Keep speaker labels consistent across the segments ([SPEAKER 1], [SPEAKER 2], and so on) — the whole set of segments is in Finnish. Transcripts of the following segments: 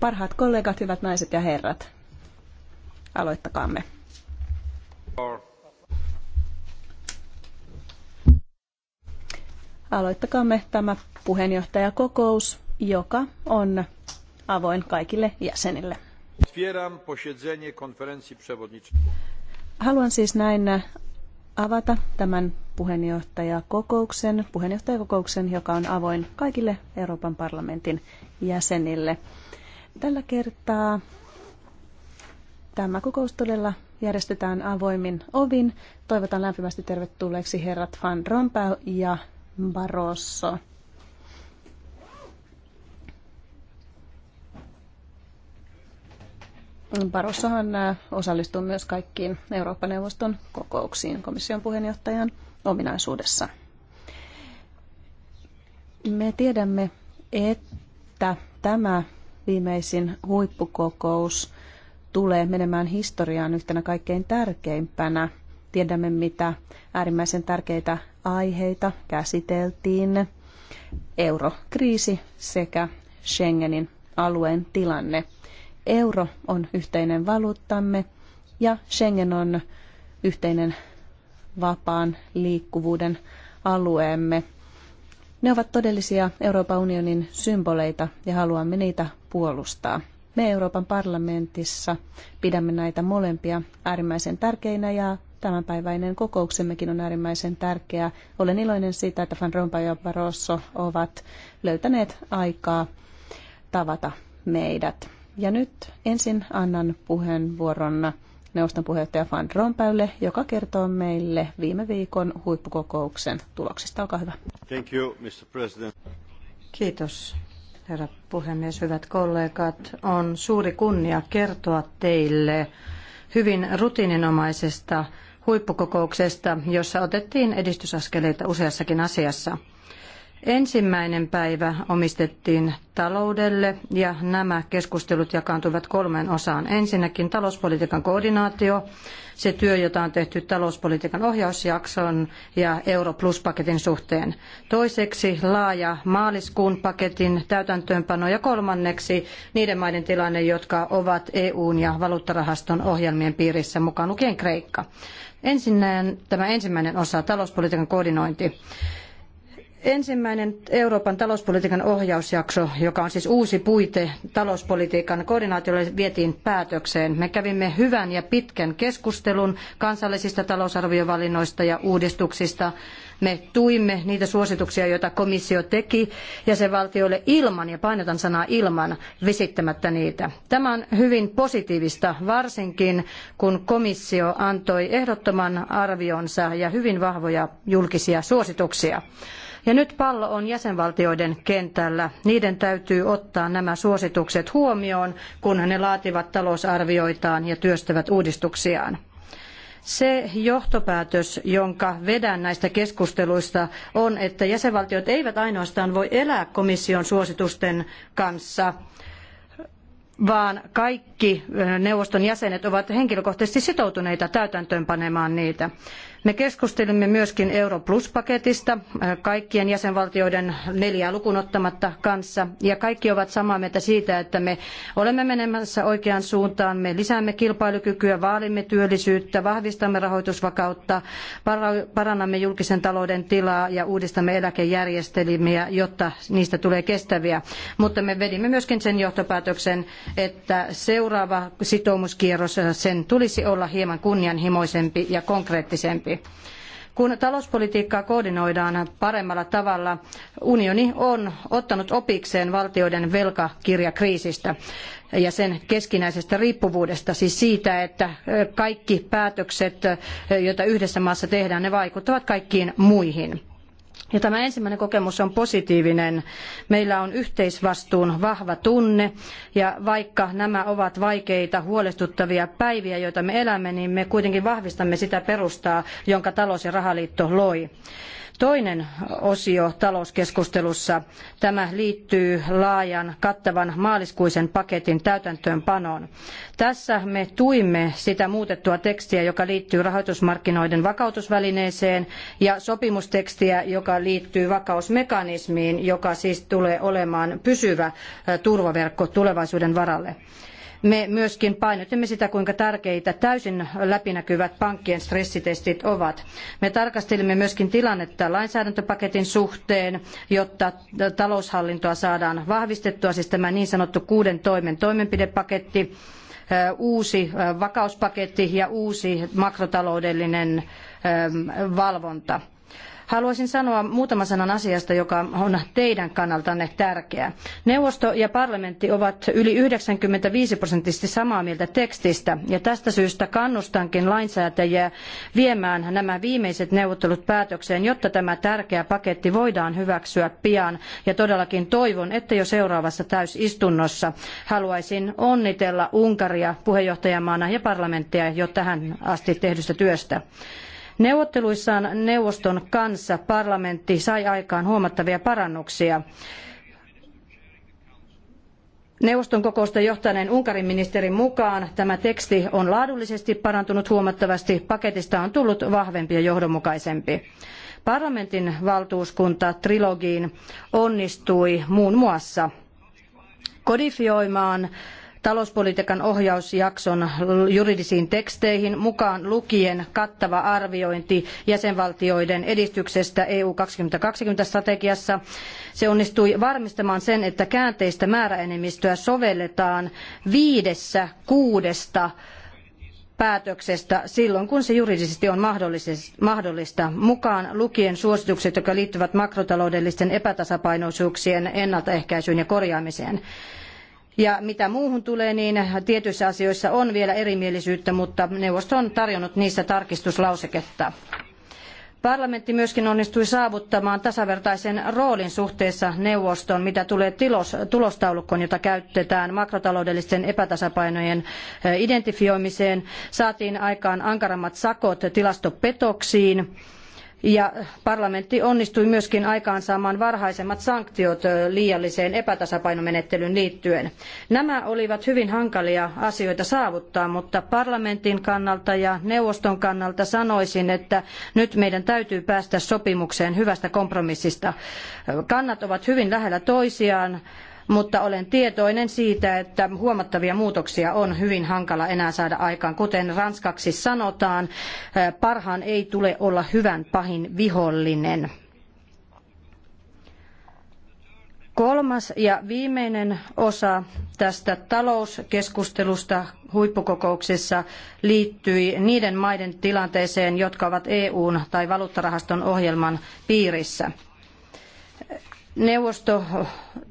[SPEAKER 1] Parhaat kollegat, hyvät naiset ja herrat, aloittakaamme. Aloittakaamme tämä puheenjohtajakokous, joka on avoin kaikille jäsenille. Haluan siis näin avata tämän puheenjohtajakokouksen, puheenjohtajakokouksen, joka on avoin kaikille Euroopan parlamentin jäsenille. Tällä kertaa tämä kokous todella järjestetään avoimin ovin. Toivotan lämpimästi tervetulleeksi herrat Van Rompuy ja Barroso. Barossahan äh, osallistuu myös kaikkiin Eurooppa-neuvoston kokouksiin komission puheenjohtajan ominaisuudessa. Me tiedämme, että tämä viimeisin huippukokous tulee menemään historiaan yhtenä kaikkein tärkeimpänä. Tiedämme, mitä äärimmäisen tärkeitä aiheita käsiteltiin. Eurokriisi sekä Schengenin alueen tilanne. Euro on yhteinen valuuttamme ja Schengen on yhteinen vapaan liikkuvuuden alueemme. Ne ovat todellisia Euroopan unionin symboleita ja haluamme niitä puolustaa. Me Euroopan parlamentissa pidämme näitä molempia äärimmäisen tärkeinä ja tämänpäiväinen kokouksemmekin on äärimmäisen tärkeä. Olen iloinen siitä, että Van Rompuy ja Barroso ovat löytäneet aikaa tavata meidät. Ja nyt ensin annan puheenvuoron neuvoston puheenjohtaja Van Rompuylle, joka kertoo meille viime viikon huippukokouksen tuloksista. Olkaa hyvä.
[SPEAKER 2] Thank you, Mr. President. Kiitos, herra puhemies. Hyvät kollegat, on suuri kunnia kertoa teille hyvin rutiininomaisesta huippukokouksesta, jossa otettiin edistysaskeleita useassakin asiassa. Ensimmäinen päivä omistettiin taloudelle ja nämä keskustelut jakaantuivat kolmeen osaan. Ensinnäkin talouspolitiikan koordinaatio, se työ, jota on tehty talouspolitiikan ohjausjakson ja Euro Plus-paketin suhteen. Toiseksi laaja maaliskuun paketin täytäntöönpano ja kolmanneksi niiden maiden tilanne, jotka ovat EUn ja valuuttarahaston ohjelmien piirissä mukaan lukien Kreikka. Ensinnäin tämä ensimmäinen osa, talouspolitiikan koordinointi. Ensimmäinen Euroopan talouspolitiikan ohjausjakso, joka on siis uusi puite talouspolitiikan koordinaatiolle, vietiin päätökseen. Me kävimme hyvän ja pitkän keskustelun kansallisista talousarviovalinnoista ja uudistuksista. Me tuimme niitä suosituksia, joita komissio teki jäsenvaltioille ilman, ja painotan sanaa ilman, vesittämättä niitä. Tämä on hyvin positiivista, varsinkin kun komissio antoi ehdottoman arvionsa ja hyvin vahvoja julkisia suosituksia. Ja nyt pallo on jäsenvaltioiden kentällä. Niiden täytyy ottaa nämä suositukset huomioon, kun ne laativat talousarvioitaan ja työstävät uudistuksiaan. Se johtopäätös, jonka vedän näistä keskusteluista, on, että jäsenvaltiot eivät ainoastaan voi elää komission suositusten kanssa, vaan kaikki eh, neuvoston jäsenet ovat henkilökohtaisesti sitoutuneita täytäntöönpanemaan niitä. Me keskustelimme myöskin Euro Plus-paketista äh, kaikkien jäsenvaltioiden neljää lukunottamatta kanssa. Ja kaikki ovat samaa mieltä siitä, että me olemme menemässä oikeaan suuntaan. Me lisäämme kilpailukykyä, vaalimme työllisyyttä, vahvistamme rahoitusvakautta, parannamme julkisen talouden tilaa ja uudistamme eläkejärjestelmiä, jotta niistä tulee kestäviä. Mutta me vedimme myöskin sen johtopäätöksen, että seuraava sitoumuskierros, äh, sen tulisi olla hieman kunnianhimoisempi ja konkreettisempi. Kun talouspolitiikkaa koordinoidaan paremmalla tavalla, unioni on ottanut opikseen valtioiden velkakirjakriisistä ja sen keskinäisestä riippuvuudesta, siis siitä, että kaikki päätökset, joita yhdessä maassa tehdään, ne vaikuttavat kaikkiin muihin. Ja tämä ensimmäinen kokemus on positiivinen. Meillä on yhteisvastuun vahva tunne ja vaikka nämä ovat vaikeita, huolestuttavia päiviä, joita me elämme, niin me kuitenkin vahvistamme sitä perustaa, jonka talous- ja rahaliitto loi. Toinen osio talouskeskustelussa, tämä liittyy laajan kattavan maaliskuisen paketin täytäntöönpanoon. Tässä me tuimme sitä muutettua tekstiä, joka liittyy rahoitusmarkkinoiden vakautusvälineeseen ja sopimustekstiä, joka liittyy vakausmekanismiin, joka siis tulee olemaan pysyvä turvaverkko tulevaisuuden varalle. Me myöskin painotimme sitä, kuinka tärkeitä täysin läpinäkyvät pankkien stressitestit ovat. Me tarkastelimme myöskin tilannetta lainsäädäntöpaketin suhteen, jotta taloushallintoa saadaan vahvistettua, siis tämä niin sanottu kuuden toimen toimenpidepaketti, uusi vakauspaketti ja uusi makrotaloudellinen valvonta. Haluaisin sanoa muutaman sanan asiasta, joka on teidän kannaltanne tärkeä. Neuvosto ja parlamentti ovat yli 95 prosenttisesti samaa mieltä tekstistä, ja tästä syystä kannustankin lainsäätäjiä viemään nämä viimeiset neuvottelut päätökseen, jotta tämä tärkeä paketti voidaan hyväksyä pian, ja todellakin toivon, että jo seuraavassa täysistunnossa haluaisin onnitella Unkaria puheenjohtajamaana ja parlamenttia jo tähän asti tehdystä työstä. Neuvotteluissaan neuvoston kanssa parlamentti sai aikaan huomattavia parannuksia. Neuvoston kokousta johtaneen Unkarin ministerin mukaan tämä teksti on laadullisesti parantunut huomattavasti, paketista on tullut vahvempi ja johdonmukaisempi. Parlamentin valtuuskunta trilogiin onnistui muun muassa kodifioimaan talouspolitiikan ohjausjakson juridisiin teksteihin mukaan lukien kattava arviointi jäsenvaltioiden edistyksestä EU 2020 strategiassa. Se onnistui varmistamaan sen, että käänteistä määräenemmistöä sovelletaan viidessä kuudesta päätöksestä silloin, kun se juridisesti on mahdollista, mukaan lukien suositukset, jotka liittyvät makrotaloudellisten epätasapainoisuuksien ennaltaehkäisyyn ja korjaamiseen. Ja mitä muuhun tulee, niin tietyissä asioissa on vielä erimielisyyttä, mutta neuvosto on tarjonnut niissä tarkistuslauseketta. Parlamentti myöskin onnistui saavuttamaan tasavertaisen roolin suhteessa neuvostoon, mitä tulee tilos, tulostaulukkoon, jota käytetään makrotaloudellisten epätasapainojen eh, identifioimiseen. Saatiin aikaan ankarammat sakot tilastopetoksiin ja parlamentti onnistui myöskin aikaansaamaan varhaisemmat sanktiot liialliseen epätasapainomenettelyyn liittyen. Nämä olivat hyvin hankalia asioita saavuttaa, mutta parlamentin kannalta ja neuvoston kannalta sanoisin, että nyt meidän täytyy päästä sopimukseen hyvästä kompromissista. Kannat ovat hyvin lähellä toisiaan mutta olen tietoinen siitä, että huomattavia muutoksia on hyvin hankala enää saada aikaan. Kuten ranskaksi sanotaan, eh, parhaan ei tule olla hyvän pahin vihollinen. Kolmas ja viimeinen osa tästä talouskeskustelusta huippukokouksessa liittyi niiden maiden tilanteeseen, jotka ovat EUn tai valuuttarahaston ohjelman piirissä. Neuvosto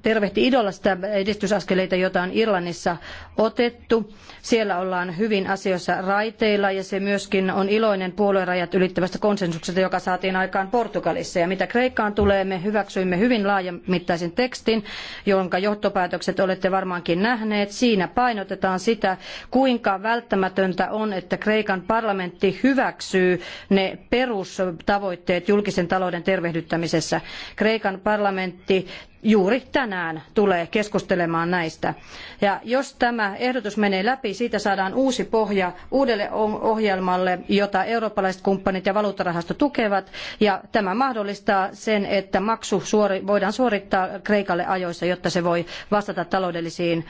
[SPEAKER 2] tervehti idolla sitä edistysaskeleita, joita on Irlannissa otettu. Siellä ollaan hyvin asioissa raiteilla ja se myöskin on iloinen puoluerajat ylittävästä konsensuksesta, joka saatiin aikaan Portugalissa. Ja mitä Kreikkaan tulee, me hyväksyimme hyvin laajamittaisen tekstin, jonka johtopäätökset olette varmaankin nähneet. Siinä painotetaan sitä, kuinka välttämätöntä on, että Kreikan parlamentti hyväksyy ne perustavoitteet julkisen talouden tervehdyttämisessä. Kreikan parlamentti juuri tänään tulee keskustelemaan näistä. Ja jos tämä ehdotus menee läpi, siitä saadaan uusi pohja uudelle ohjelmalle, jota eurooppalaiset kumppanit ja valuuttarahasto tukevat. Ja tämä mahdollistaa sen, että maksu suori, voidaan suorittaa Kreikalle ajoissa, jotta se voi vastata taloudellisiin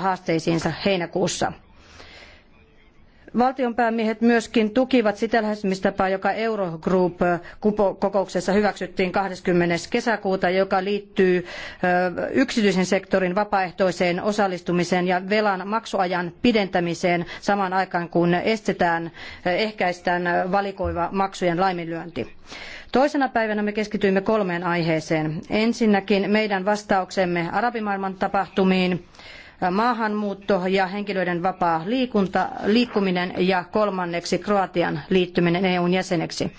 [SPEAKER 2] haasteisiinsa heinäkuussa. Valtionpäämiehet myöskin tukivat sitä lähestymistapaa, joka Eurogroup äh, kokouksessa hyväksyttiin 20. kesäkuuta, joka liittyy äh, yksityisen sektorin vapaaehtoiseen osallistumiseen ja velan maksuajan pidentämiseen samaan aikaan, kun estetään, äh, ehkäistään valikoiva maksujen laiminlyönti. Toisena päivänä me keskityimme kolmeen aiheeseen. Ensinnäkin meidän vastauksemme arabimaailman tapahtumiin, maahanmuutto ja henkilöiden vapaa liikunta, liikkuminen ja kolmanneksi Kroatian liittyminen EUn jäseneksi.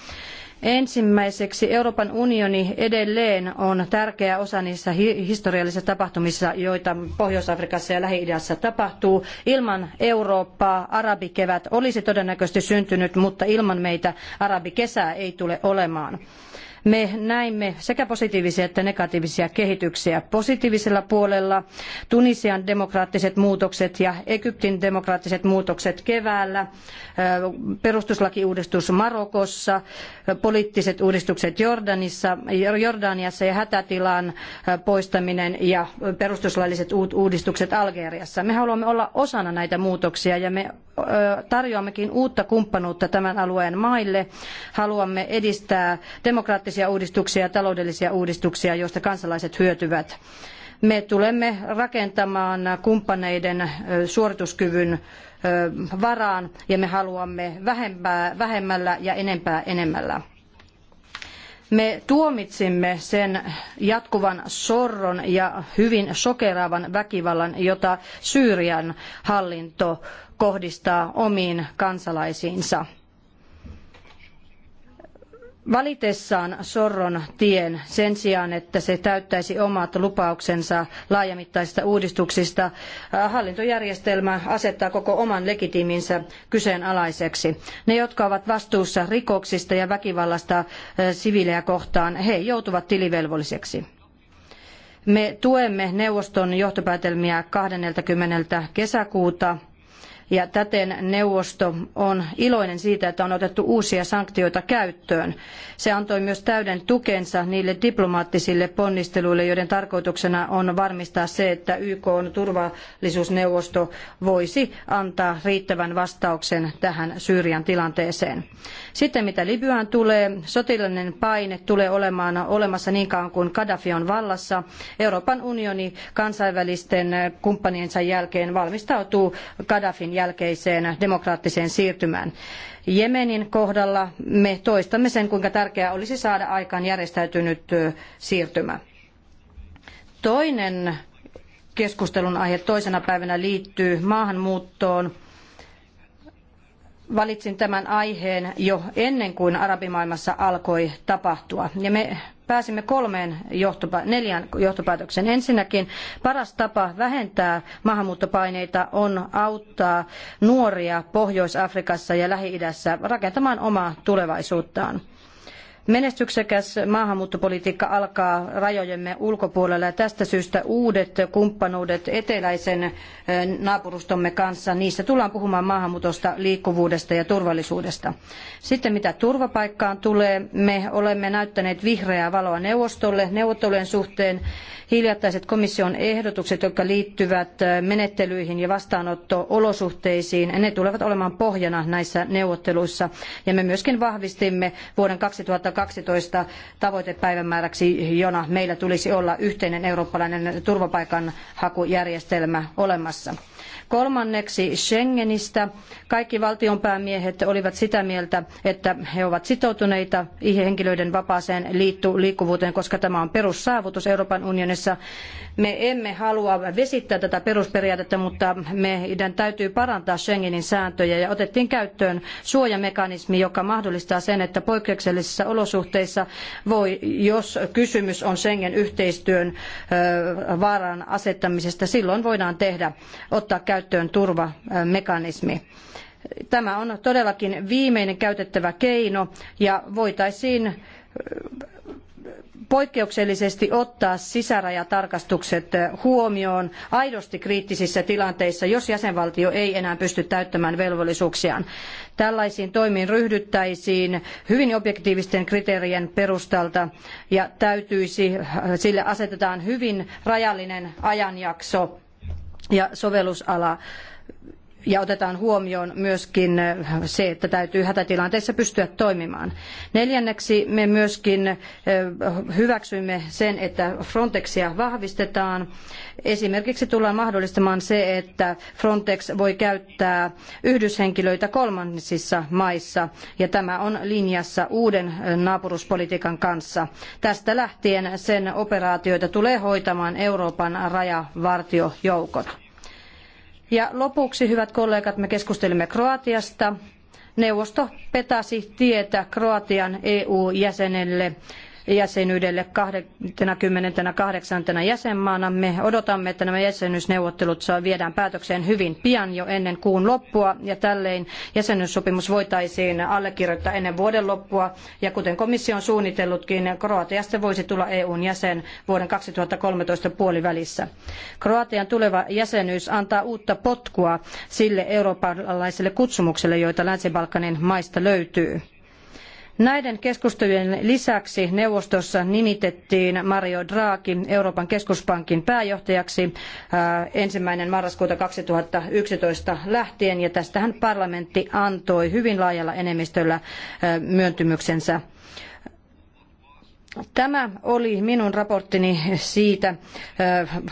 [SPEAKER 2] Ensimmäiseksi Euroopan unioni edelleen on tärkeä osa niissä historiallisissa tapahtumissa, joita Pohjois-Afrikassa ja Lähi-idässä tapahtuu. Ilman Eurooppaa arabikevät olisi todennäköisesti syntynyt, mutta ilman meitä arabikesää ei tule olemaan me näimme sekä positiivisia että negatiivisia kehityksiä. Positiivisella puolella Tunisian demokraattiset muutokset ja Egyptin demokraattiset muutokset keväällä, perustuslakiuudistus Marokossa, poliittiset uudistukset Jordanissa, Jordaniassa ja hätätilan poistaminen ja perustuslailliset uudistukset Algeriassa. Me haluamme olla osana näitä muutoksia ja me tarjoammekin uutta kumppanuutta tämän alueen maille. Haluamme edistää demokraattisia sosiaalisia uudistuksia ja taloudellisia uudistuksia, joista kansalaiset hyötyvät. Me tulemme rakentamaan kumppaneiden suorituskyvyn varaan ja me haluamme vähempää, vähemmällä ja enempää enemmällä. Me tuomitsimme sen jatkuvan sorron ja hyvin sokeraavan väkivallan, jota Syyrian hallinto kohdistaa omiin kansalaisiinsa valitessaan sorron tien sen sijaan, että se täyttäisi omat lupauksensa laajamittaisista uudistuksista. Hallintojärjestelmä asettaa koko oman legitiiminsä kyseenalaiseksi. Ne, jotka ovat vastuussa rikoksista ja väkivallasta siviilejä kohtaan, he joutuvat tilivelvolliseksi. Me tuemme neuvoston johtopäätelmiä 20. kesäkuuta ja täten neuvosto on iloinen siitä, että on otettu uusia sanktioita käyttöön. Se antoi myös täyden tukensa niille diplomaattisille ponnisteluille, joiden tarkoituksena on varmistaa se, että YK on turvallisuusneuvosto voisi antaa riittävän vastauksen tähän Syyrian tilanteeseen. Sitten mitä Libyaan tulee, sotilainen paine tulee olemaan olemassa niin kauan kuin Gaddafi on vallassa. Euroopan unioni kansainvälisten kumppaniensa jälkeen valmistautuu Gaddafin jälkeiseen demokraattiseen siirtymään. Jemenin kohdalla me toistamme sen, kuinka tärkeää olisi saada aikaan järjestäytynyt siirtymä. Toinen keskustelun aihe toisena päivänä liittyy maahanmuuttoon valitsin tämän aiheen jo ennen kuin arabimaailmassa alkoi tapahtua. Ja me pääsimme kolmeen johtopä, neljään johtopäätökseen. Ensinnäkin paras tapa vähentää maahanmuuttopaineita on auttaa nuoria Pohjois-Afrikassa ja Lähi-idässä rakentamaan omaa tulevaisuuttaan. Menestyksekäs maahanmuuttopolitiikka alkaa rajojemme ulkopuolella ja tästä syystä uudet kumppanuudet eteläisen eh, naapurustomme kanssa, niissä tullaan puhumaan maahanmuutosta, liikkuvuudesta ja turvallisuudesta. Sitten mitä turvapaikkaan tulee, me olemme näyttäneet vihreää valoa neuvostolle neuvottelujen suhteen. Hiljattaiset komission ehdotukset, jotka liittyvät eh, menettelyihin ja vastaanotto-olosuhteisiin, ne tulevat olemaan pohjana näissä neuvotteluissa. Ja me myöskin vahvistimme vuoden 2000 2012 tavoitepäivämääräksi, jona meillä tulisi olla yhteinen eurooppalainen turvapaikanhakujärjestelmä olemassa. Kolmanneksi Schengenistä. Kaikki valtionpäämiehet olivat sitä mieltä, että he ovat sitoutuneita henkilöiden vapaaseen liikkuvuuteen, koska tämä on perussaavutus Euroopan unionissa. Me emme halua vesittää tätä perusperiaatetta, mutta meidän täytyy parantaa Schengenin sääntöjä ja otettiin käyttöön suojamekanismi, joka mahdollistaa sen, että poikkeuksellisissa olosuhteissa voi, jos kysymys on Schengen yhteistyön vaaran asettamisesta, silloin voidaan tehdä, ottaa käyttöön käyttöön turvamekanismi. Tämä on todellakin viimeinen käytettävä keino ja voitaisiin poikkeuksellisesti ottaa sisärajatarkastukset huomioon aidosti kriittisissä tilanteissa, jos jäsenvaltio ei enää pysty täyttämään velvollisuuksiaan. Tällaisiin toimiin ryhdyttäisiin hyvin objektiivisten kriteerien perustalta ja täytyisi, sille asetetaan hyvin rajallinen ajanjakso ja sovellusala ja otetaan huomioon myöskin äh, se, että täytyy hätätilanteessa pystyä toimimaan. Neljänneksi me myöskin äh, hyväksyimme sen, että Frontexia vahvistetaan. Esimerkiksi tullaan mahdollistamaan se, että Frontex voi käyttää yhdyshenkilöitä kolmansissa maissa ja tämä on linjassa uuden äh, naapuruspolitiikan kanssa. Tästä lähtien sen operaatioita tulee hoitamaan Euroopan rajavartiojoukot. Ja lopuksi, hyvät kollegat, me keskustelimme Kroatiasta. Neuvosto petasi tietä Kroatian EU-jäsenelle jäsenyydelle 28. jäsenmaana. Me odotamme, että nämä jäsenyysneuvottelut viedään päätökseen hyvin pian jo ennen kuun loppua ja tällöin jäsenyyssopimus voitaisiin allekirjoittaa ennen vuoden loppua. Ja kuten komissio on suunnitellutkin, Kroatiasta voisi tulla EUn jäsen vuoden 2013 puolivälissä. Kroatian tuleva jäsenyys antaa uutta potkua sille eurooppalaiselle kutsumukselle, joita Länsi-Balkanin maista löytyy. Näiden keskustelujen lisäksi neuvostossa nimitettiin Mario Draghi Euroopan keskuspankin pääjohtajaksi äh, ensimmäinen marraskuuta 2011 lähtien ja tästähän parlamentti antoi hyvin laajalla enemmistöllä äh, myöntymyksensä. Tämä oli minun raporttini siitä äh,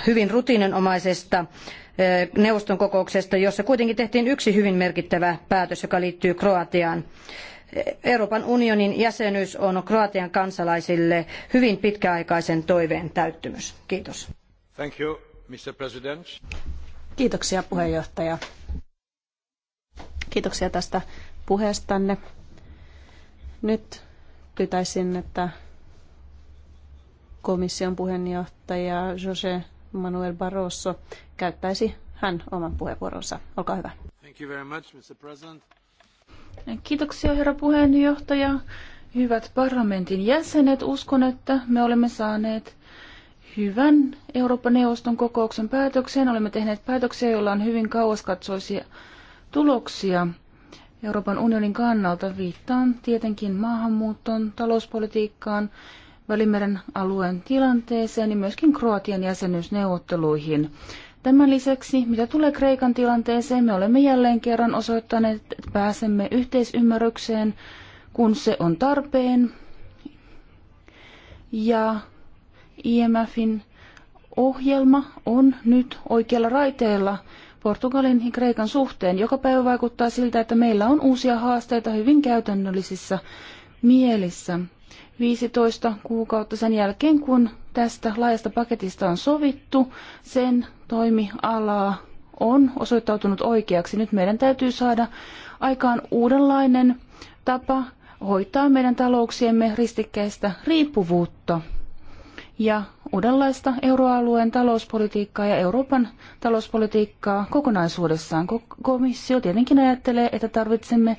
[SPEAKER 2] hyvin rutiininomaisesta neuvoston kokouksesta, jossa kuitenkin tehtiin yksi hyvin merkittävä päätös, joka liittyy Kroatiaan. Euroopan unionin jäsenyys on Kroatian kansalaisille hyvin pitkäaikaisen toiveen täyttymys. Kiitos.
[SPEAKER 1] Thank you, Mr. President. Kiitoksia puheenjohtaja. Kiitoksia tästä puheestanne. Nyt pyytäisin, että komission puheenjohtaja Jose Manuel Barroso käyttäisi hän oman puheenvuoronsa. Olkaa
[SPEAKER 2] hyvä. Thank you very much, Mr. President.
[SPEAKER 1] Kiitoksia herra
[SPEAKER 3] puheenjohtaja. Hyvät parlamentin jäsenet, uskon, että me olemme saaneet hyvän Euroopan neuvoston kokouksen päätökseen. Olemme tehneet päätöksiä, joilla on hyvin kauaskatsoisia tuloksia Euroopan unionin kannalta. Viittaan tietenkin maahanmuuttoon, talouspolitiikkaan, Välimeren alueen tilanteeseen ja myöskin Kroatian jäsenyysneuvotteluihin. Tämän lisäksi, mitä tulee Kreikan tilanteeseen, me olemme jälleen kerran osoittaneet, että pääsemme yhteisymmärrykseen, kun se on tarpeen. Ja IMFin ohjelma on nyt oikealla raiteella Portugalin ja Kreikan suhteen. Joka päivä vaikuttaa siltä, että meillä on uusia haasteita hyvin käytännöllisissä mielissä. 15 kuukautta sen jälkeen, kun tästä laajasta paketista on sovittu, sen toimialaa on osoittautunut oikeaksi. Nyt meidän täytyy saada aikaan uudenlainen tapa hoitaa meidän talouksiemme ristikkäistä riippuvuutta ja uudenlaista euroalueen talouspolitiikkaa ja Euroopan talouspolitiikkaa kokonaisuudessaan. Komissio tietenkin ajattelee, että tarvitsemme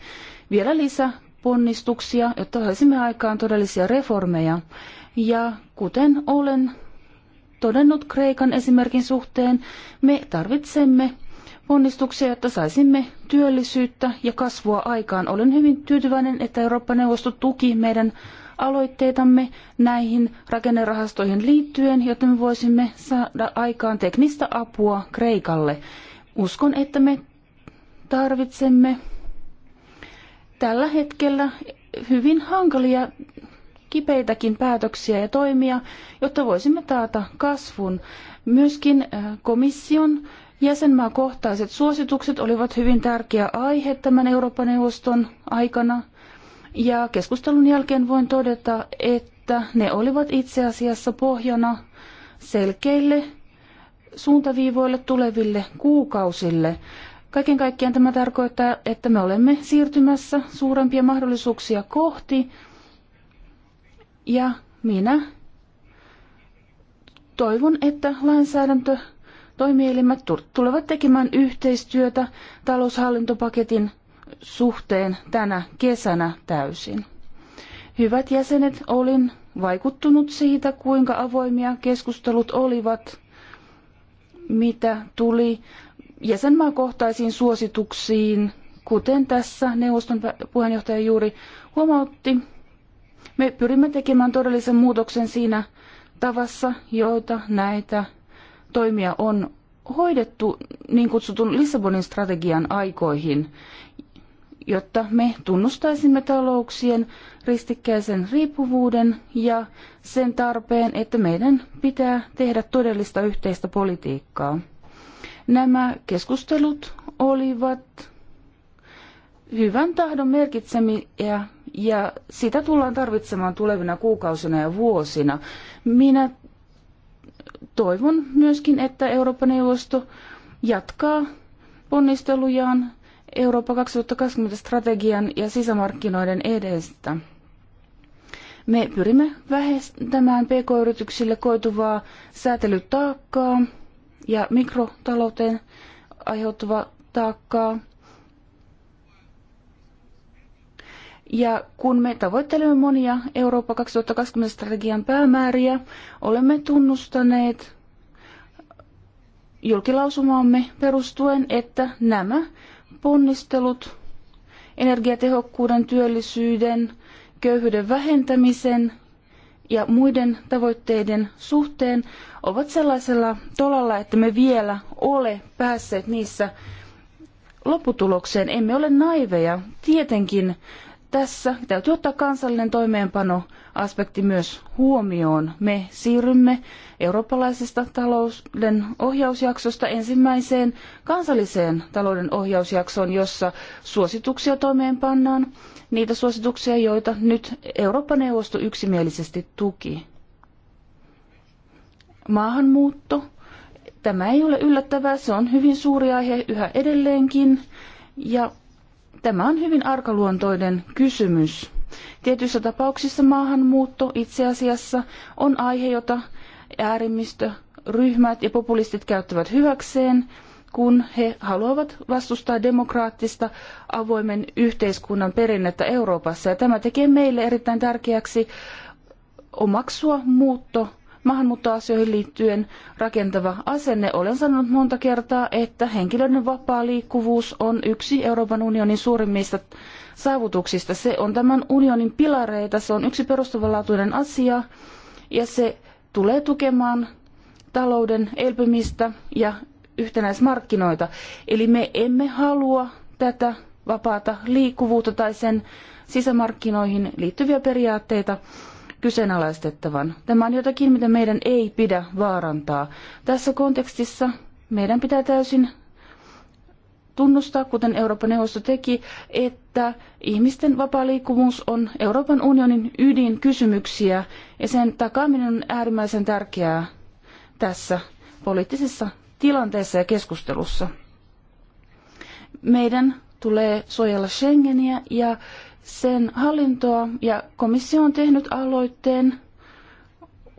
[SPEAKER 3] vielä lisäponnistuksia, jotta saisimme aikaan todellisia reformeja. Ja kuten olen todennut Kreikan esimerkin suhteen, me tarvitsemme onnistuksia, että saisimme työllisyyttä ja kasvua aikaan. Olen hyvin tyytyväinen, että Eurooppa-neuvosto tuki meidän aloitteitamme näihin rakennerahastoihin liittyen, jotta me voisimme saada aikaan teknistä apua Kreikalle. Uskon, että me tarvitsemme tällä hetkellä hyvin hankalia kipeitäkin päätöksiä ja toimia, jotta voisimme taata kasvun. Myöskin äh, komission jäsenmaakohtaiset suositukset olivat hyvin tärkeä aihe tämän Euroopan neuvoston aikana. Ja keskustelun jälkeen voin todeta, että ne olivat itse asiassa pohjana selkeille suuntaviivoille tuleville kuukausille. Kaiken kaikkiaan tämä tarkoittaa, että me olemme siirtymässä suurempia mahdollisuuksia kohti ja minä toivon, että lainsäädäntö toimielimet tulevat tekemään yhteistyötä taloushallintopaketin suhteen tänä kesänä täysin. Hyvät jäsenet, olin vaikuttunut siitä, kuinka avoimia keskustelut olivat, mitä tuli jäsenmaakohtaisiin suosituksiin, kuten tässä neuvoston puheenjohtaja juuri huomautti. Me pyrimme tekemään todellisen muutoksen siinä tavassa, joita näitä toimia on hoidettu niin kutsutun Lissabonin strategian aikoihin, jotta me tunnustaisimme talouksien ristikkäisen riippuvuuden ja sen tarpeen, että meidän pitää tehdä todellista yhteistä politiikkaa. Nämä keskustelut olivat hyvän tahdon merkitsemiä ja sitä tullaan tarvitsemaan tulevina kuukausina ja vuosina. Minä toivon myöskin, että Euroopan neuvosto jatkaa ponnistelujaan Eurooppa 2020-strategian ja sisämarkkinoiden edestä. Me pyrimme vähentämään pk-yrityksille koituvaa säätelytaakkaa ja mikrotalouteen aiheutuvaa taakkaa. Ja kun me tavoittelemme monia Eurooppa 2020-strategian päämääriä, olemme tunnustaneet julkilausumaamme perustuen, että nämä ponnistelut energiatehokkuuden, työllisyyden, köyhyyden vähentämisen ja muiden tavoitteiden suhteen ovat sellaisella tolalla, että me vielä ole päässeet niissä lopputulokseen. Emme ole naiveja. Tietenkin tässä täytyy ottaa kansallinen toimeenpanoaspekti myös huomioon. Me siirrymme eurooppalaisesta talouden ohjausjaksosta ensimmäiseen kansalliseen talouden ohjausjaksoon, jossa suosituksia toimeenpannaan, niitä suosituksia, joita nyt Eurooppa-neuvosto yksimielisesti tuki. Maahanmuutto. Tämä ei ole yllättävää, se on hyvin suuri aihe yhä edelleenkin. Ja Tämä on hyvin arkaluontoinen kysymys. Tietyissä tapauksissa maahanmuutto itse asiassa on aihe, jota äärimmistöryhmät ja populistit käyttävät hyväkseen, kun he haluavat vastustaa demokraattista avoimen yhteiskunnan perinnettä Euroopassa. Ja tämä tekee meille erittäin tärkeäksi omaksua muutto maahanmuuttoasioihin liittyen rakentava asenne. Olen sanonut monta kertaa, että henkilöiden vapaa liikkuvuus on yksi Euroopan unionin suurimmista saavutuksista. Se on tämän unionin pilareita, se on yksi perustavanlaatuinen asia ja se tulee tukemaan talouden elpymistä ja yhtenäismarkkinoita. Eli me emme halua tätä vapaata liikkuvuutta tai sen sisämarkkinoihin liittyviä periaatteita kyseenalaistettavan. Tämä on jotakin, mitä meidän ei pidä vaarantaa. Tässä kontekstissa meidän pitää täysin tunnustaa, kuten Euroopan neuvosto teki, että ihmisten vapaa liikkuvuus on Euroopan unionin ydinkysymyksiä ja sen takaaminen on äärimmäisen tärkeää tässä poliittisessa tilanteessa ja keskustelussa. Meidän tulee suojella Schengeniä ja sen hallintoa ja komissio on tehnyt aloitteen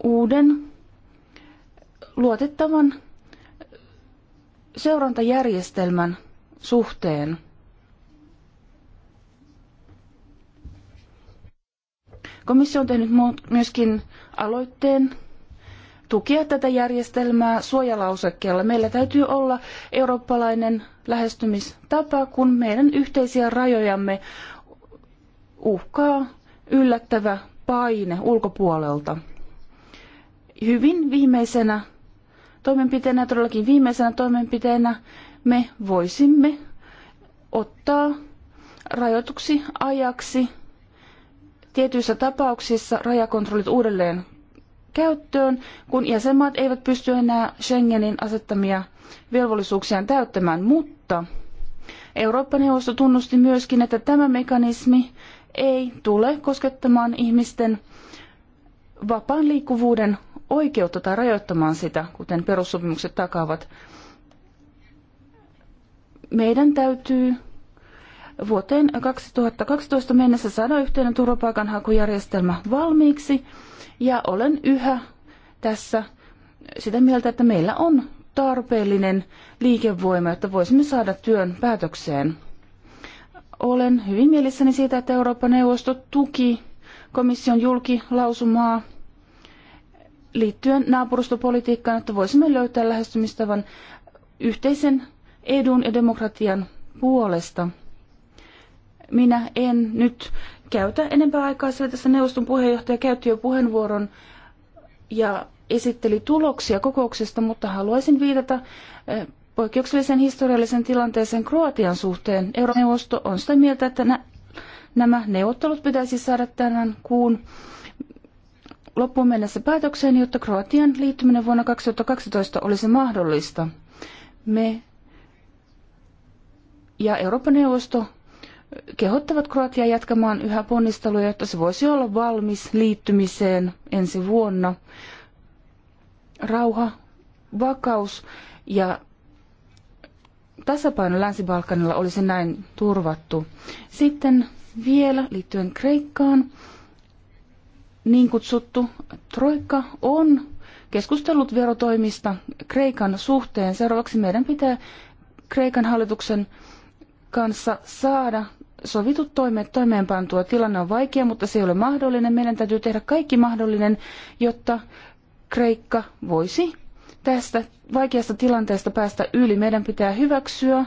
[SPEAKER 3] uuden luotettavan seurantajärjestelmän suhteen. Komissio on tehnyt myöskin aloitteen tukea tätä järjestelmää suojalausekkeella. Meillä täytyy olla eurooppalainen lähestymistapa, kun meidän yhteisiä rajojamme uhkaa yllättävä paine ulkopuolelta. Hyvin viimeisenä toimenpiteenä, todellakin viimeisenä toimenpiteenä, me voisimme ottaa rajoituksi ajaksi tietyissä tapauksissa rajakontrollit uudelleen käyttöön, kun jäsenmaat eivät pysty enää Schengenin asettamia velvollisuuksiaan täyttämään, mutta Eurooppa-neuvosto tunnusti myöskin, että tämä mekanismi ei tule koskettamaan ihmisten vapaan liikkuvuuden oikeutta tai rajoittamaan sitä, kuten perussopimukset takaavat. Meidän täytyy vuoteen 2012 mennessä saada yhteinen turvapaikanhakujärjestelmä valmiiksi ja olen yhä tässä sitä mieltä, että meillä on tarpeellinen liikevoima, jotta voisimme saada työn päätökseen. Olen hyvin mielissäni siitä, että Euroopan neuvosto tuki komission julkilausumaa liittyen naapurustopolitiikkaan, että voisimme löytää lähestymistavan yhteisen edun ja demokratian puolesta. Minä en nyt käytä enempää aikaa, sillä tässä neuvoston puheenjohtaja käytti jo puheenvuoron ja esitteli tuloksia kokouksesta, mutta haluaisin viitata eh, poikkeuksellisen historiallisen tilanteeseen Kroatian suhteen. Euroopan neuvosto on sitä mieltä, että nämä neuvottelut pitäisi saada tänään kuun loppuun mennessä päätökseen, jotta Kroatian liittyminen vuonna 2012 olisi mahdollista. Me ja Euroopan neuvosto kehottavat Kroatiaa jatkamaan yhä ponnisteluja, jotta se voisi olla valmis liittymiseen ensi vuonna. Rauha, vakaus ja tasapaino Länsi-Balkanilla olisi näin turvattu. Sitten vielä liittyen Kreikkaan, niin kutsuttu Troikka on keskustellut verotoimista Kreikan suhteen. Seuraavaksi meidän pitää Kreikan hallituksen kanssa saada sovitut toimet toimeenpantua. Tilanne on vaikea, mutta se ei ole mahdollinen. Meidän täytyy tehdä kaikki mahdollinen, jotta Kreikka voisi tästä vaikeasta tilanteesta päästä yli. Meidän pitää hyväksyä,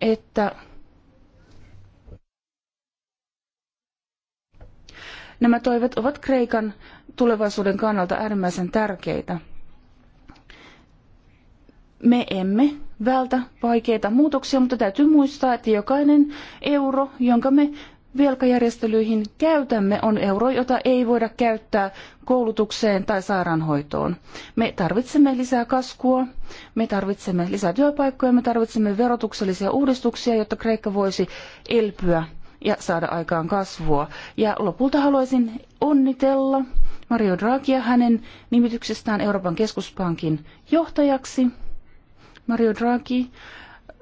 [SPEAKER 3] että nämä toivet ovat Kreikan tulevaisuuden kannalta äärimmäisen tärkeitä. Me emme vältä vaikeita muutoksia, mutta täytyy muistaa, että jokainen euro, jonka me velkajärjestelyihin käytämme on euro, jota ei voida käyttää koulutukseen tai sairaanhoitoon. Me tarvitsemme lisää kasvua, me tarvitsemme lisää työpaikkoja, me tarvitsemme verotuksellisia uudistuksia, jotta Kreikka voisi elpyä ja saada aikaan kasvua. Ja lopulta haluaisin onnitella Mario Draghia hänen nimityksestään Euroopan keskuspankin johtajaksi. Mario Draghi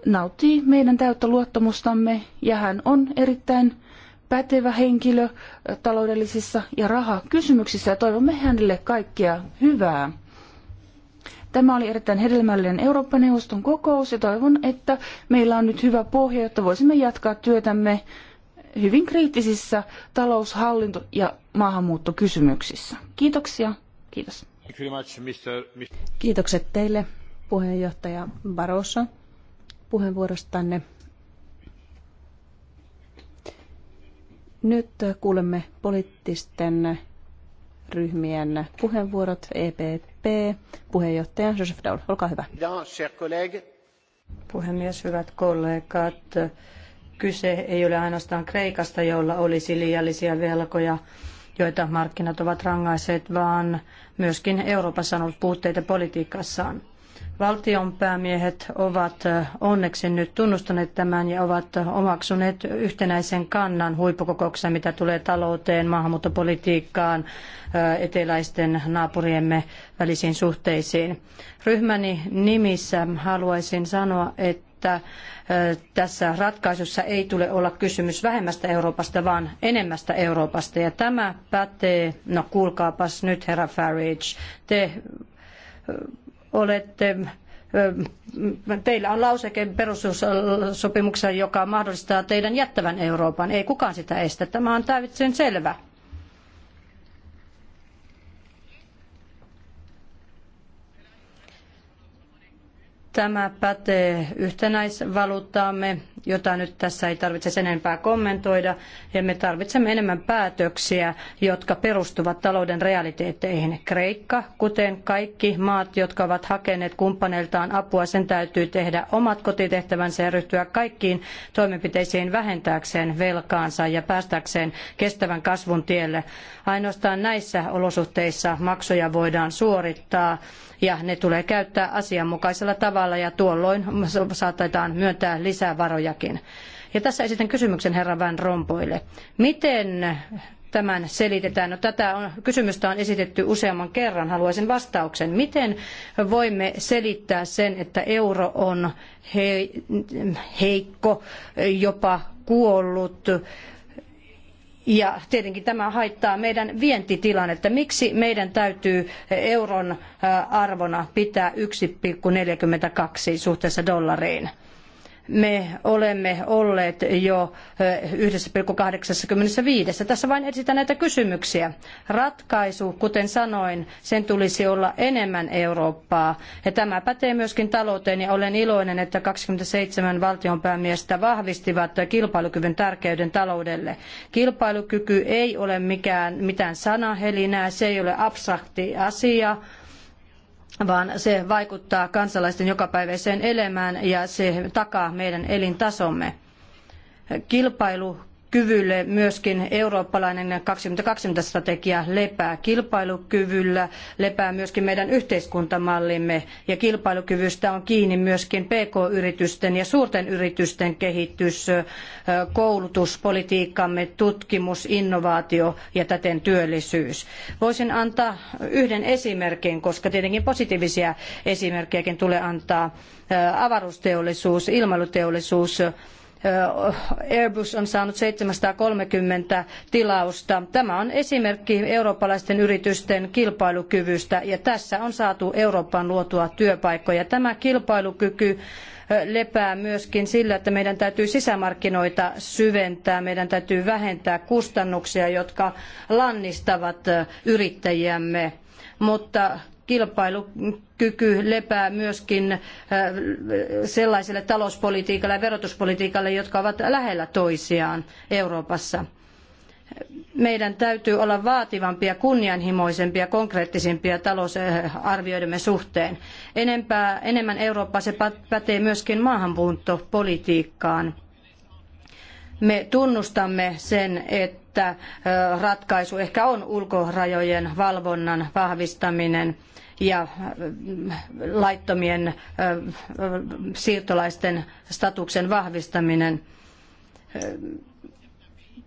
[SPEAKER 3] nauttii meidän täyttä luottamustamme ja hän on erittäin pätevä henkilö taloudellisissa ja rahakysymyksissä ja toivomme hänelle kaikkea hyvää. Tämä oli erittäin hedelmällinen Eurooppa-neuvoston kokous ja toivon, että meillä on nyt hyvä pohja, jotta voisimme jatkaa työtämme hyvin kriittisissä taloushallinto- ja maahanmuuttokysymyksissä. Kiitoksia. Kiitos.
[SPEAKER 1] Kiitokset teille, puheenjohtaja Barroso, puheenvuorostanne. Nyt kuulemme poliittisten ryhmien puheenvuorot.
[SPEAKER 2] EPP, puheenjohtaja Joseph Daul, olkaa hyvä. Puhemies, hyvät kollegat. Kyse ei ole ainoastaan Kreikasta, jolla olisi liiallisia velkoja, joita markkinat ovat rangaiseet, vaan myöskin Euroopassa on ollut puutteita politiikassaan. Valtionpäämiehet ovat onneksi nyt tunnustaneet tämän ja ovat omaksuneet yhtenäisen kannan huippukokouksessa, mitä tulee talouteen, maahanmuuttopolitiikkaan, eteläisten naapuriemme välisiin suhteisiin. Ryhmäni nimissä haluaisin sanoa, että tässä ratkaisussa ei tule olla kysymys vähemmästä Euroopasta, vaan enemmästä Euroopasta. Ja tämä pätee, no kuulkaapas nyt herra Farage, te olette teillä on lauseke perussopimuksessa, joka mahdollistaa teidän jättävän Euroopan. Ei kukaan sitä estä. Tämä on täysin selvä. Tämä pätee yhtenäisvaluuttaamme jota nyt tässä ei tarvitse sen enempää kommentoida. Ja me tarvitsemme enemmän päätöksiä, jotka perustuvat talouden realiteetteihin. Kreikka, kuten kaikki maat, jotka ovat hakeneet kumppaneiltaan apua, sen täytyy tehdä omat kotitehtävänsä ja ryhtyä kaikkiin toimenpiteisiin vähentääkseen velkaansa ja päästäkseen kestävän kasvun tielle. Ainoastaan näissä olosuhteissa maksuja voidaan suorittaa ja ne tulee käyttää asianmukaisella tavalla ja tuolloin saatetaan myöntää lisää varoja jotakin. Ja tässä esitän kysymyksen herra Van Rompoille. Miten tämän selitetään? No, tätä on, kysymystä on esitetty useamman kerran, haluaisin vastauksen. Miten voimme selittää sen, että euro on he, heikko, jopa kuollut? Ja tietenkin tämä haittaa meidän vientitilannetta. Miksi meidän täytyy euron arvona pitää 1,42 suhteessa dollariin? me olemme olleet jo 1,85. Eh, Tässä vain esitän näitä kysymyksiä. Ratkaisu, kuten sanoin, sen tulisi olla enemmän Eurooppaa. Ja tämä pätee myöskin talouteen ja olen iloinen, että 27 valtionpäämiestä vahvistivat kilpailukyvyn tärkeyden taloudelle. Kilpailukyky ei ole mikään, mitään sanahelinää, se ei ole abstrakti asia vaan se vaikuttaa kansalaisten jokapäiväiseen elämään ja se takaa meidän elintasomme. Kilpailu kyvylle myöskin eurooppalainen 2020-strategia lepää kilpailukyvyllä, lepää myöskin meidän yhteiskuntamallimme ja kilpailukyvystä on kiinni myöskin PK-yritysten ja suurten yritysten kehitys, koulutuspolitiikkamme, tutkimus, innovaatio ja täten työllisyys. Voisin antaa yhden esimerkin, koska tietenkin positiivisia esimerkkejäkin tulee antaa. Avaruusteollisuus, ilmailuteollisuus, Airbus on saanut 730 tilausta. Tämä on esimerkki eurooppalaisten yritysten kilpailukyvystä ja tässä on saatu Euroopan luotua työpaikkoja. Tämä kilpailukyky lepää myöskin sillä, että meidän täytyy sisämarkkinoita syventää, meidän täytyy vähentää kustannuksia, jotka lannistavat yrittäjiämme. Mutta kilpailukyky lepää myöskin äh, sellaiselle talouspolitiikalle ja verotuspolitiikalle, jotka ovat lähellä toisiaan Euroopassa. Meidän täytyy olla vaativampia, kunnianhimoisempia, konkreettisempia talousarvioidemme suhteen. Enempää, enemmän Eurooppa se pätee myöskin maahanmuuttopolitiikkaan. Me tunnustamme sen, että että äh, ratkaisu ehkä on ulkorajojen valvonnan vahvistaminen ja äh, laittomien äh, siirtolaisten statuksen vahvistaminen äh,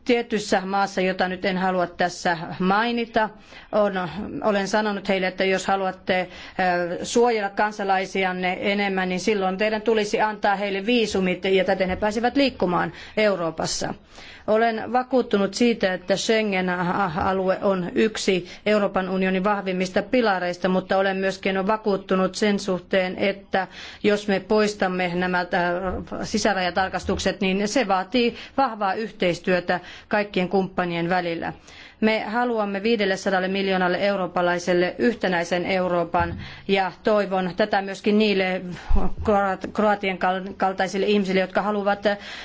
[SPEAKER 2] tietyssä maassa, jota nyt en halua tässä mainita, on, olen sanonut heille, että jos haluatte suojella kansalaisianne enemmän, niin silloin teidän tulisi antaa heille viisumit ja täten he pääsevät liikkumaan Euroopassa. Olen vakuuttunut siitä, että Schengen-alue on yksi Euroopan unionin vahvimmista pilareista, mutta olen myöskin vakuuttunut sen suhteen, että jos me poistamme nämä sisärajatarkastukset, niin se vaatii vahvaa yhteistyötä kaikkien kumppanien välillä. Me haluamme 500 miljoonalle eurooppalaiselle yhtenäisen Euroopan ja toivon tätä myöskin niille Kroatian kaltaisille ihmisille, jotka haluavat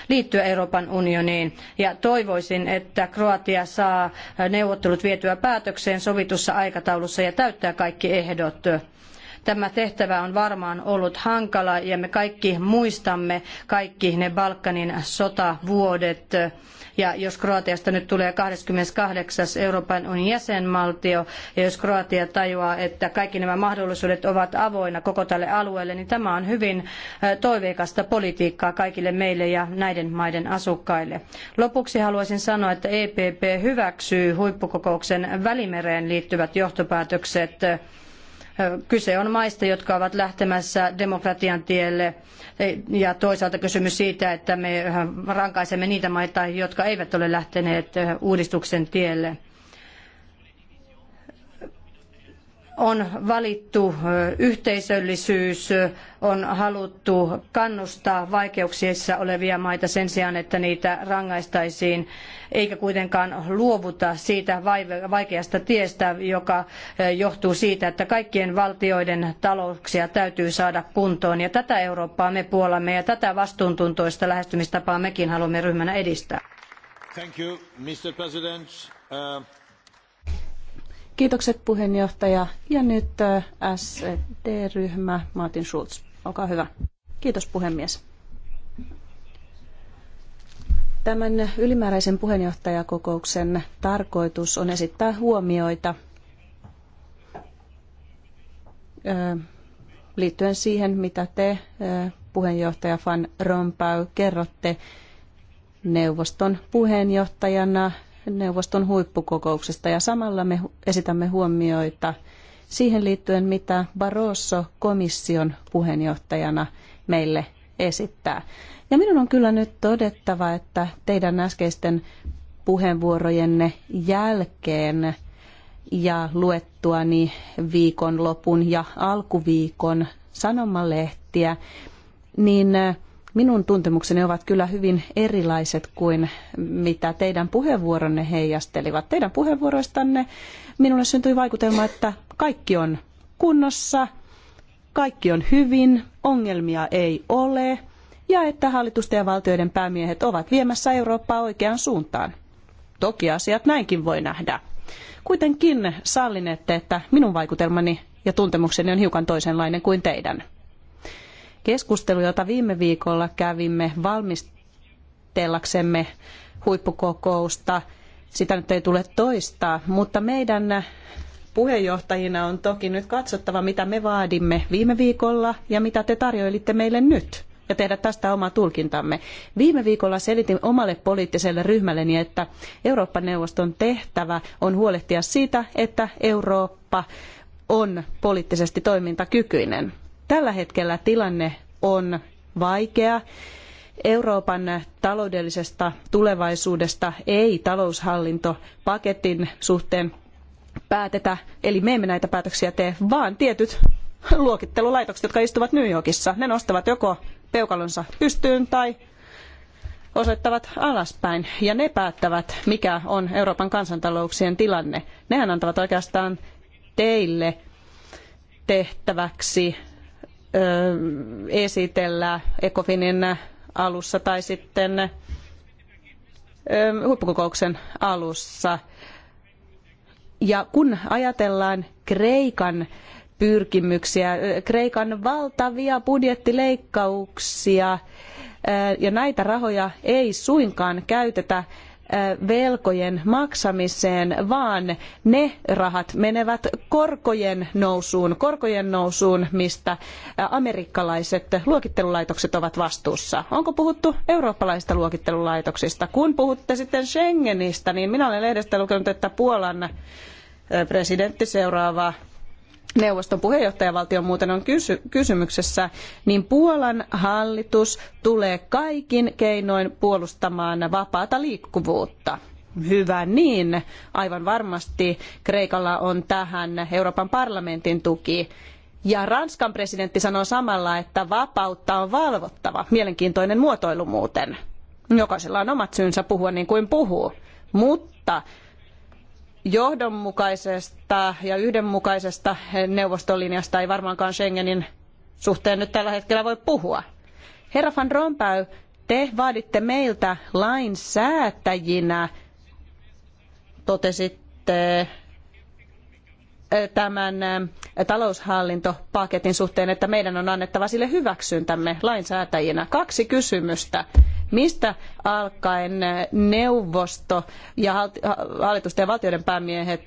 [SPEAKER 2] liittyä Euroopan unioniin. Ja toivoisin, että Kroatia saa neuvottelut vietyä päätökseen sovitussa aikataulussa ja täyttää kaikki ehdot. Tämä tehtävä on varmaan ollut hankala ja me kaikki muistamme kaikki ne Balkanin sotavuodet. vuodet ja jos Kroatiasta nyt tulee 28. Euroopan unionin jäsenvaltio, ja jos Kroatia tajuaa, että kaikki nämä mahdollisuudet ovat avoinna koko tälle alueelle, niin tämä on hyvin toiveikasta politiikkaa kaikille meille ja näiden maiden asukkaille. Lopuksi haluaisin sanoa, että EPP hyväksyy huippukokouksen välimereen liittyvät johtopäätökset. Kyse on maista, jotka ovat lähtemässä demokratian tielle ja toisaalta kysymys siitä, että me rankaisemme niitä maita, jotka eivät ole lähteneet uudistuksen tielle. on valittu yhteisöllisyys, on haluttu kannustaa vaikeuksissa olevia maita sen sijaan, että niitä rangaistaisiin, eikä kuitenkaan luovuta siitä vaikeasta tiestä, joka johtuu siitä, että kaikkien valtioiden talouksia täytyy saada kuntoon. Ja tätä Eurooppaa me puolamme ja tätä vastuuntuntoista lähestymistapaa mekin haluamme ryhmänä edistää. Thank you, Mr.
[SPEAKER 4] President. Uh...
[SPEAKER 2] Kiitokset puheenjohtaja. Ja
[SPEAKER 1] nyt äh, SD-ryhmä e Martin Schulz. Olkaa hyvä. Kiitos puhemies. Tämän ylimääräisen puheenjohtajakokouksen tarkoitus on esittää huomioita äh, liittyen siihen, mitä te äh, puheenjohtaja Van Rompuy kerrotte neuvoston puheenjohtajana neuvoston huippukokouksesta ja samalla me esitämme huomioita siihen liittyen, mitä Barroso komission puheenjohtajana meille esittää. Ja minun on kyllä nyt todettava, että teidän äskeisten puheenvuorojenne jälkeen ja luettuani viikonlopun ja alkuviikon sanomalehtiä, niin minun tuntemukseni ovat kyllä hyvin erilaiset kuin mitä teidän puheenvuoronne heijastelivat. Teidän puheenvuoroistanne minulle syntyi vaikutelma, että kaikki on kunnossa, kaikki on hyvin, ongelmia ei ole ja että hallitusten ja valtioiden päämiehet ovat viemässä Eurooppaa oikeaan suuntaan. Toki asiat näinkin voi nähdä. Kuitenkin sallinette, että minun vaikutelmani ja tuntemukseni on hiukan toisenlainen kuin teidän. Keskustelu, jota viime viikolla kävimme valmistellaksemme huippukokousta, sitä nyt ei tule toistaa, mutta meidän puheenjohtajina on toki nyt katsottava, mitä me vaadimme viime viikolla ja mitä te tarjoilitte meille nyt ja tehdä tästä oma tulkintamme. Viime viikolla selitin omalle poliittiselle ryhmälleni, että Eurooppa-neuvoston tehtävä on huolehtia siitä, että Eurooppa on poliittisesti toimintakykyinen. Tällä hetkellä tilanne on vaikea. Euroopan taloudellisesta tulevaisuudesta ei taloushallintopaketin suhteen päätetä, eli me emme näitä päätöksiä tee, vaan tietyt luokittelulaitokset, jotka istuvat New Yorkissa, ne nostavat joko peukalonsa pystyyn tai osoittavat alaspäin ja ne päättävät, mikä on Euroopan kansantalouksien tilanne. Nehän antavat oikeastaan teille tehtäväksi esitellä ECOFINin alussa tai sitten huippukokouksen alussa. Ja kun ajatellaan Kreikan pyrkimyksiä, Kreikan valtavia budjettileikkauksia ja näitä rahoja ei suinkaan käytetä velkojen maksamiseen, vaan ne rahat menevät korkojen nousuun, korkojen nousuun, mistä amerikkalaiset luokittelulaitokset ovat vastuussa. Onko puhuttu eurooppalaisista luokittelulaitoksista? Kun puhutte sitten Schengenistä, niin minä olen lehdestä lukenut, että Puolan presidentti seuraava neuvoston puheenjohtajavaltion muuten on kysy- kysymyksessä, niin Puolan hallitus tulee kaikin keinoin puolustamaan vapaata liikkuvuutta. Hyvä niin. Aivan varmasti Kreikalla on tähän Euroopan parlamentin tuki. Ja Ranskan presidentti sanoo samalla, että vapautta on valvottava. Mielenkiintoinen muotoilu muuten. Jokaisella on omat syynsä puhua niin kuin puhuu. Mutta johdonmukaisesta ja yhdenmukaisesta neuvostolinjasta ei varmaankaan Schengenin suhteen nyt tällä hetkellä voi puhua. Herra van Rompuy, te vaaditte meiltä lainsäätäjinä, totesitte eh, tämän eh, taloushallintopaketin suhteen, että meidän on annettava sille hyväksyntämme lainsäätäjinä. Kaksi kysymystä mistä alkaen neuvosto ja hallitusten ja valtioiden päämiehet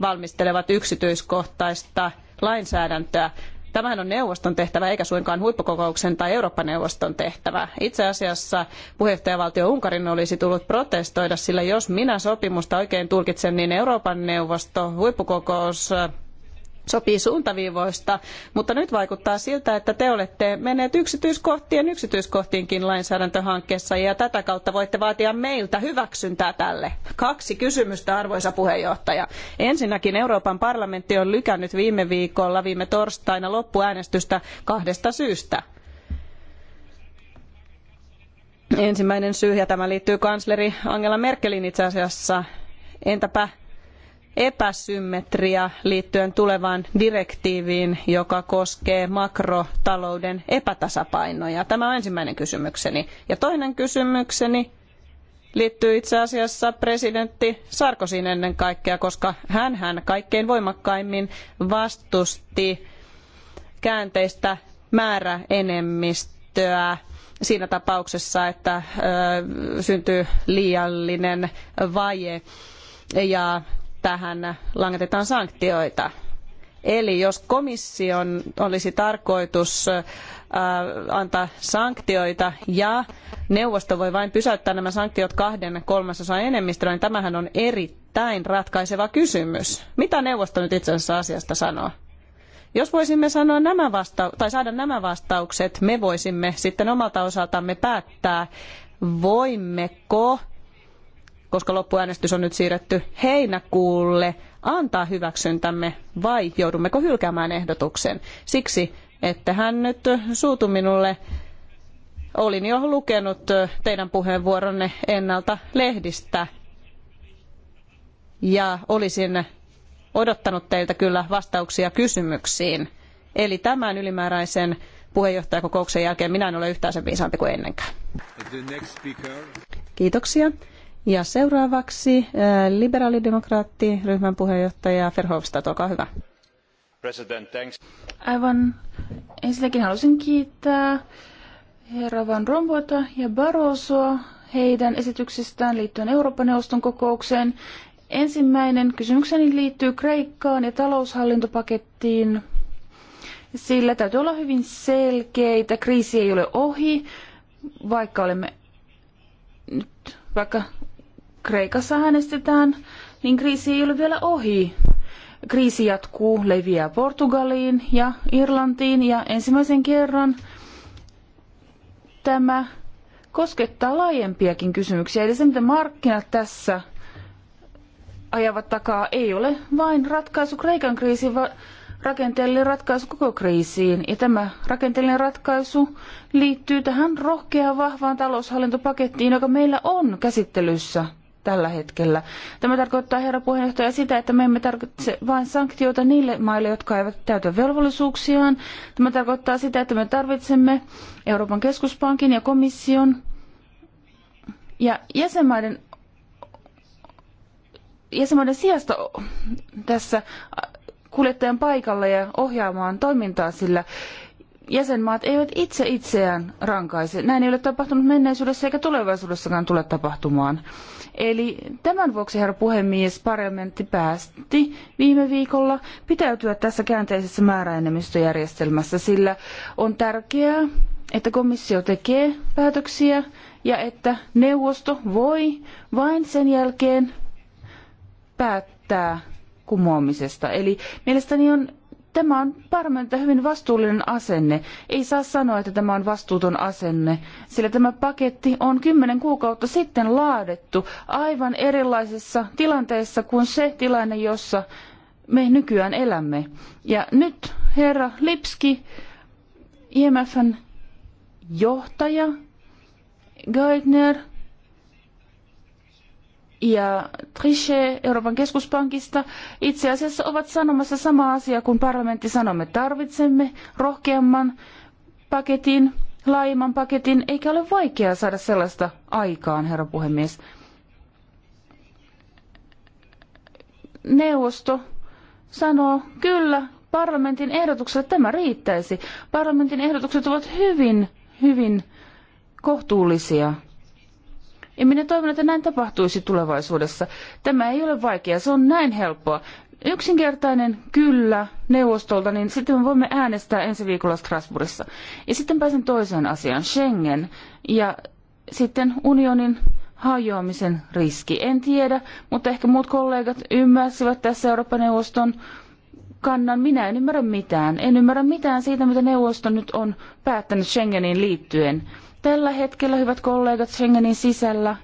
[SPEAKER 1] valmistelevat yksityiskohtaista lainsäädäntöä. Tämähän on neuvoston tehtävä eikä suinkaan huippukokouksen tai Eurooppa-neuvoston tehtävä. Itse asiassa puheenjohtajavaltio Unkarin olisi tullut protestoida, sillä jos minä sopimusta oikein tulkitsen, niin Euroopan neuvosto huippukokous sopii suuntaviivoista, mutta nyt vaikuttaa siltä, että te olette menneet yksityiskohtien yksityiskohtiinkin lainsäädäntöhankkeessa ja tätä kautta voitte vaatia meiltä hyväksyntää tälle. Kaksi kysymystä, arvoisa puheenjohtaja. Ensinnäkin Euroopan parlamentti on lykännyt viime viikolla, viime torstaina loppuäänestystä kahdesta syystä. Ensimmäinen syy, ja tämä liittyy kansleri Angela Merkelin itse asiassa, entäpä epäsymmetria liittyen tulevaan direktiiviin, joka koskee makrotalouden epätasapainoja? Tämä on ensimmäinen kysymykseni. Ja toinen kysymykseni liittyy itse asiassa presidentti Sarkosin ennen kaikkea, koska hän, hän kaikkein voimakkaimmin vastusti käänteistä määräenemmistöä siinä tapauksessa, että syntyy liiallinen vaje. Ja tähän langetetaan sanktioita. Eli jos komission olisi tarkoitus äh, antaa sanktioita ja neuvosto voi vain pysäyttää nämä sanktiot kahden kolmasosan enemmistöllä, niin tämähän on erittäin ratkaiseva kysymys. Mitä neuvosto nyt itse asiassa asiasta sanoo? Jos voisimme sanoa nämä vasta- tai saada nämä vastaukset, me voisimme sitten omalta osaltamme päättää, voimmeko koska loppuäänestys on nyt siirretty heinäkuulle, antaa hyväksyntämme vai joudummeko hylkäämään ehdotuksen? Siksi, että hän nyt suutu minulle. Olin jo lukenut teidän puheenvuoronne ennalta lehdistä ja olisin odottanut teiltä kyllä vastauksia kysymyksiin. Eli tämän ylimääräisen puheenjohtajakokouksen jälkeen minä en ole yhtään sen viisaampi kuin ennenkään. Kiitoksia. Ja seuraavaksi eh, liberaalidemokraattiryhmän puheenjohtaja Verhofstadt, olkaa hyvä. President, thanks. Aivan ensinnäkin haluaisin kiittää herra Van
[SPEAKER 3] Rompuyta ja Barrosoa heidän esityksistään liittyen Euroopan neuvoston kokoukseen. Ensimmäinen kysymykseni liittyy Kreikkaan ja taloushallintopakettiin, sillä täytyy olla hyvin selkeitä. Kriisi ei ole ohi, vaikka olemme nyt, vaikka Kreikassa äänestetään, niin kriisi ei ole vielä ohi. Kriisi jatkuu, leviää Portugaliin ja Irlantiin ja ensimmäisen kerran tämä koskettaa laajempiakin kysymyksiä. Eli se, mitä markkinat tässä ajavat takaa, ei ole vain ratkaisu Kreikan kriisiin, vaan rakenteellinen ratkaisu koko kriisiin. Ja tämä rakenteellinen ratkaisu liittyy tähän rohkeaan vahvaan taloushallintopakettiin, joka meillä on käsittelyssä tällä hetkellä. Tämä tarkoittaa, herra puheenjohtaja, sitä, että me emme tarvitse vain sanktioita niille maille, jotka eivät täytä velvollisuuksiaan. Tämä tarkoittaa sitä, että me tarvitsemme Euroopan keskuspankin ja komission ja jäsenmaiden jäsenmaiden sijasta tässä kuljettajan paikalla ja ohjaamaan toimintaa, sillä jäsenmaat eivät itse itseään rankaise. Näin ei ole tapahtunut menneisyydessä eikä tulevaisuudessakaan tule tapahtumaan. Eli tämän vuoksi, herra puhemies, parlamentti päästi viime viikolla pitäytyä tässä käänteisessä määräenemmistöjärjestelmässä, sillä on tärkeää, että komissio tekee päätöksiä ja että neuvosto voi vain sen jälkeen päättää kumoamisesta. Eli mielestäni on Tämä on parlamentilta hyvin vastuullinen asenne. Ei saa sanoa, että tämä on vastuuton asenne, sillä tämä paketti on kymmenen kuukautta sitten laadittu aivan erilaisessa tilanteessa kuin se tilanne, jossa me nykyään elämme. Ja nyt herra Lipski, IMFn johtaja, Geithner – ja Trichet Euroopan keskuspankista itse asiassa ovat sanomassa sama asia kuin parlamentti sanomme. Tarvitsemme rohkeamman paketin, laajemman paketin, eikä ole vaikeaa saada sellaista aikaan, herra puhemies. Neuvosto sanoo, kyllä, parlamentin ehdotukselle tämä riittäisi. Parlamentin ehdotukset ovat hyvin, hyvin kohtuullisia ja minä toivon, että näin tapahtuisi tulevaisuudessa. Tämä ei ole vaikeaa, se on näin helppoa. Yksinkertainen kyllä neuvostolta, niin sitten me voimme äänestää ensi viikolla Strasbourgissa. Ja sitten pääsen toiseen asiaan, Schengen ja sitten unionin hajoamisen riski. En tiedä, mutta ehkä muut kollegat ymmärsivät tässä Euroopan neuvoston kannan. Minä en ymmärrä mitään. En ymmärrä mitään siitä, mitä neuvosto nyt on päättänyt Schengeniin liittyen. Tällä hetkellä, hyvät kollegat, Schengenin sisällä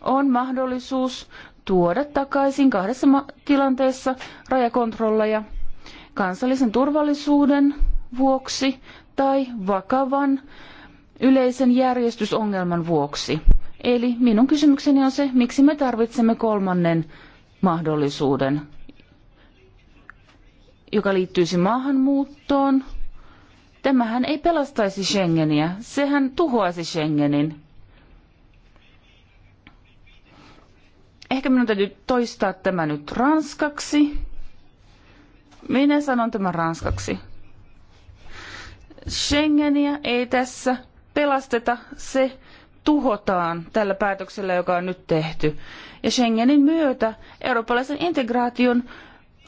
[SPEAKER 3] on mahdollisuus tuoda takaisin kahdessa tilanteessa rajakontrolleja kansallisen turvallisuuden vuoksi tai vakavan yleisen järjestysongelman vuoksi. Eli minun kysymykseni on se, miksi me tarvitsemme kolmannen mahdollisuuden, joka liittyisi maahanmuuttoon, Tämähän ei pelastaisi Schengeniä, sehän tuhoaisi Schengenin. Ehkä minun täytyy toistaa tämä nyt ranskaksi. Minä sanon tämän ranskaksi. Schengeniä ei tässä pelasteta, se tuhotaan tällä päätöksellä, joka on nyt tehty. Ja Schengenin myötä eurooppalaisen integraation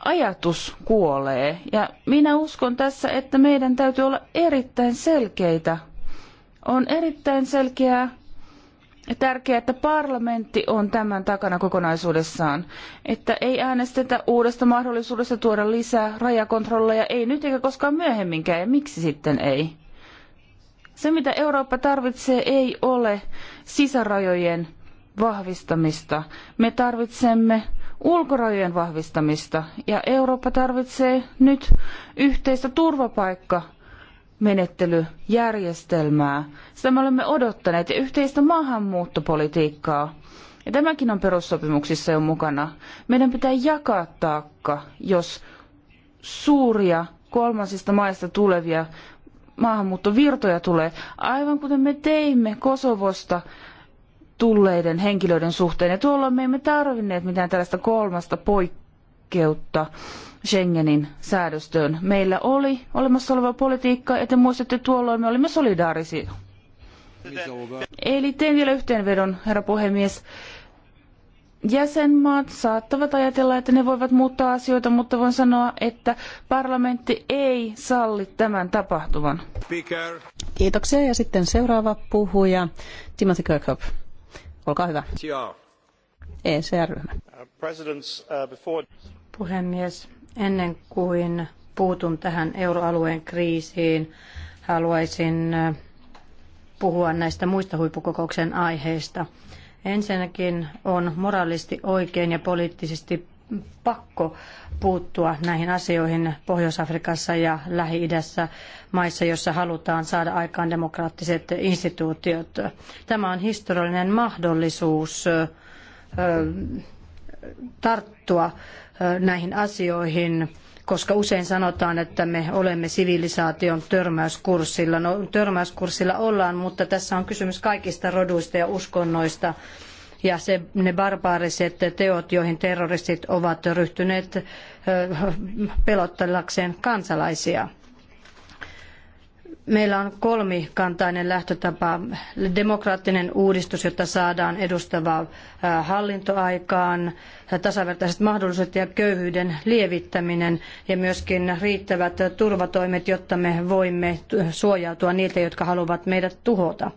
[SPEAKER 3] ajatus kuolee. Ja minä uskon tässä, että meidän täytyy olla erittäin selkeitä. On erittäin selkeää ja tärkeää, että parlamentti on tämän takana kokonaisuudessaan. Että ei äänestetä uudesta mahdollisuudesta tuoda lisää rajakontrolleja, ei nyt eikä koskaan myöhemminkään, ja miksi sitten ei? Se, mitä Eurooppa tarvitsee, ei ole sisärajojen vahvistamista. Me tarvitsemme ulkorajojen vahvistamista ja Eurooppa tarvitsee nyt yhteistä turvapaikka Sitä me olemme odottaneet ja yhteistä maahanmuuttopolitiikkaa. Ja tämäkin on perussopimuksissa jo mukana. Meidän pitää jakaa taakka, jos suuria kolmansista maista tulevia maahanmuuttovirtoja tulee, aivan kuten me teimme Kosovosta tulleiden henkilöiden suhteen. Ja tuolloin me emme tarvinneet mitään tällaista kolmasta poikkeutta Schengenin säädöstöön. Meillä oli olemassa oleva politiikka, ja te muistatte tuolloin me olimme solidaarisia. Eli teen vielä yhteenvedon, herra puhemies. Jäsenmaat saattavat ajatella, että ne voivat muuttaa asioita, mutta voin sanoa, että parlamentti
[SPEAKER 1] ei salli tämän tapahtuvan. Speaker. Kiitoksia ja sitten seuraava
[SPEAKER 2] puhuja, Timothy Kirkhope. Olkaa hyvä. ECR-ryhmä.
[SPEAKER 1] Uh, uh,
[SPEAKER 2] Puhemies, ennen kuin puutun tähän euroalueen kriisiin, haluaisin uh, puhua näistä muista huippukokouksen aiheista. Ensinnäkin on moraalisti oikein ja poliittisesti pakko puuttua näihin asioihin Pohjois-Afrikassa ja Lähi-idässä maissa, joissa halutaan saada aikaan demokraattiset instituutiot. Tämä on historiallinen mahdollisuus tarttua näihin asioihin koska usein sanotaan, että me olemme sivilisaation törmäyskurssilla. No törmäyskurssilla ollaan, mutta tässä on kysymys kaikista roduista ja uskonnoista ja se, ne barbaariset teot, joihin terroristit ovat ryhtyneet pelottelakseen kansalaisia. Meillä on kolmikantainen lähtötapa, demokraattinen uudistus, jotta saadaan edustava hallintoaikaan, tasavertaiset mahdollisuudet ja köyhyyden lievittäminen ja myöskin riittävät turvatoimet, jotta me voimme suojautua niiltä, jotka haluavat meidät tuhota.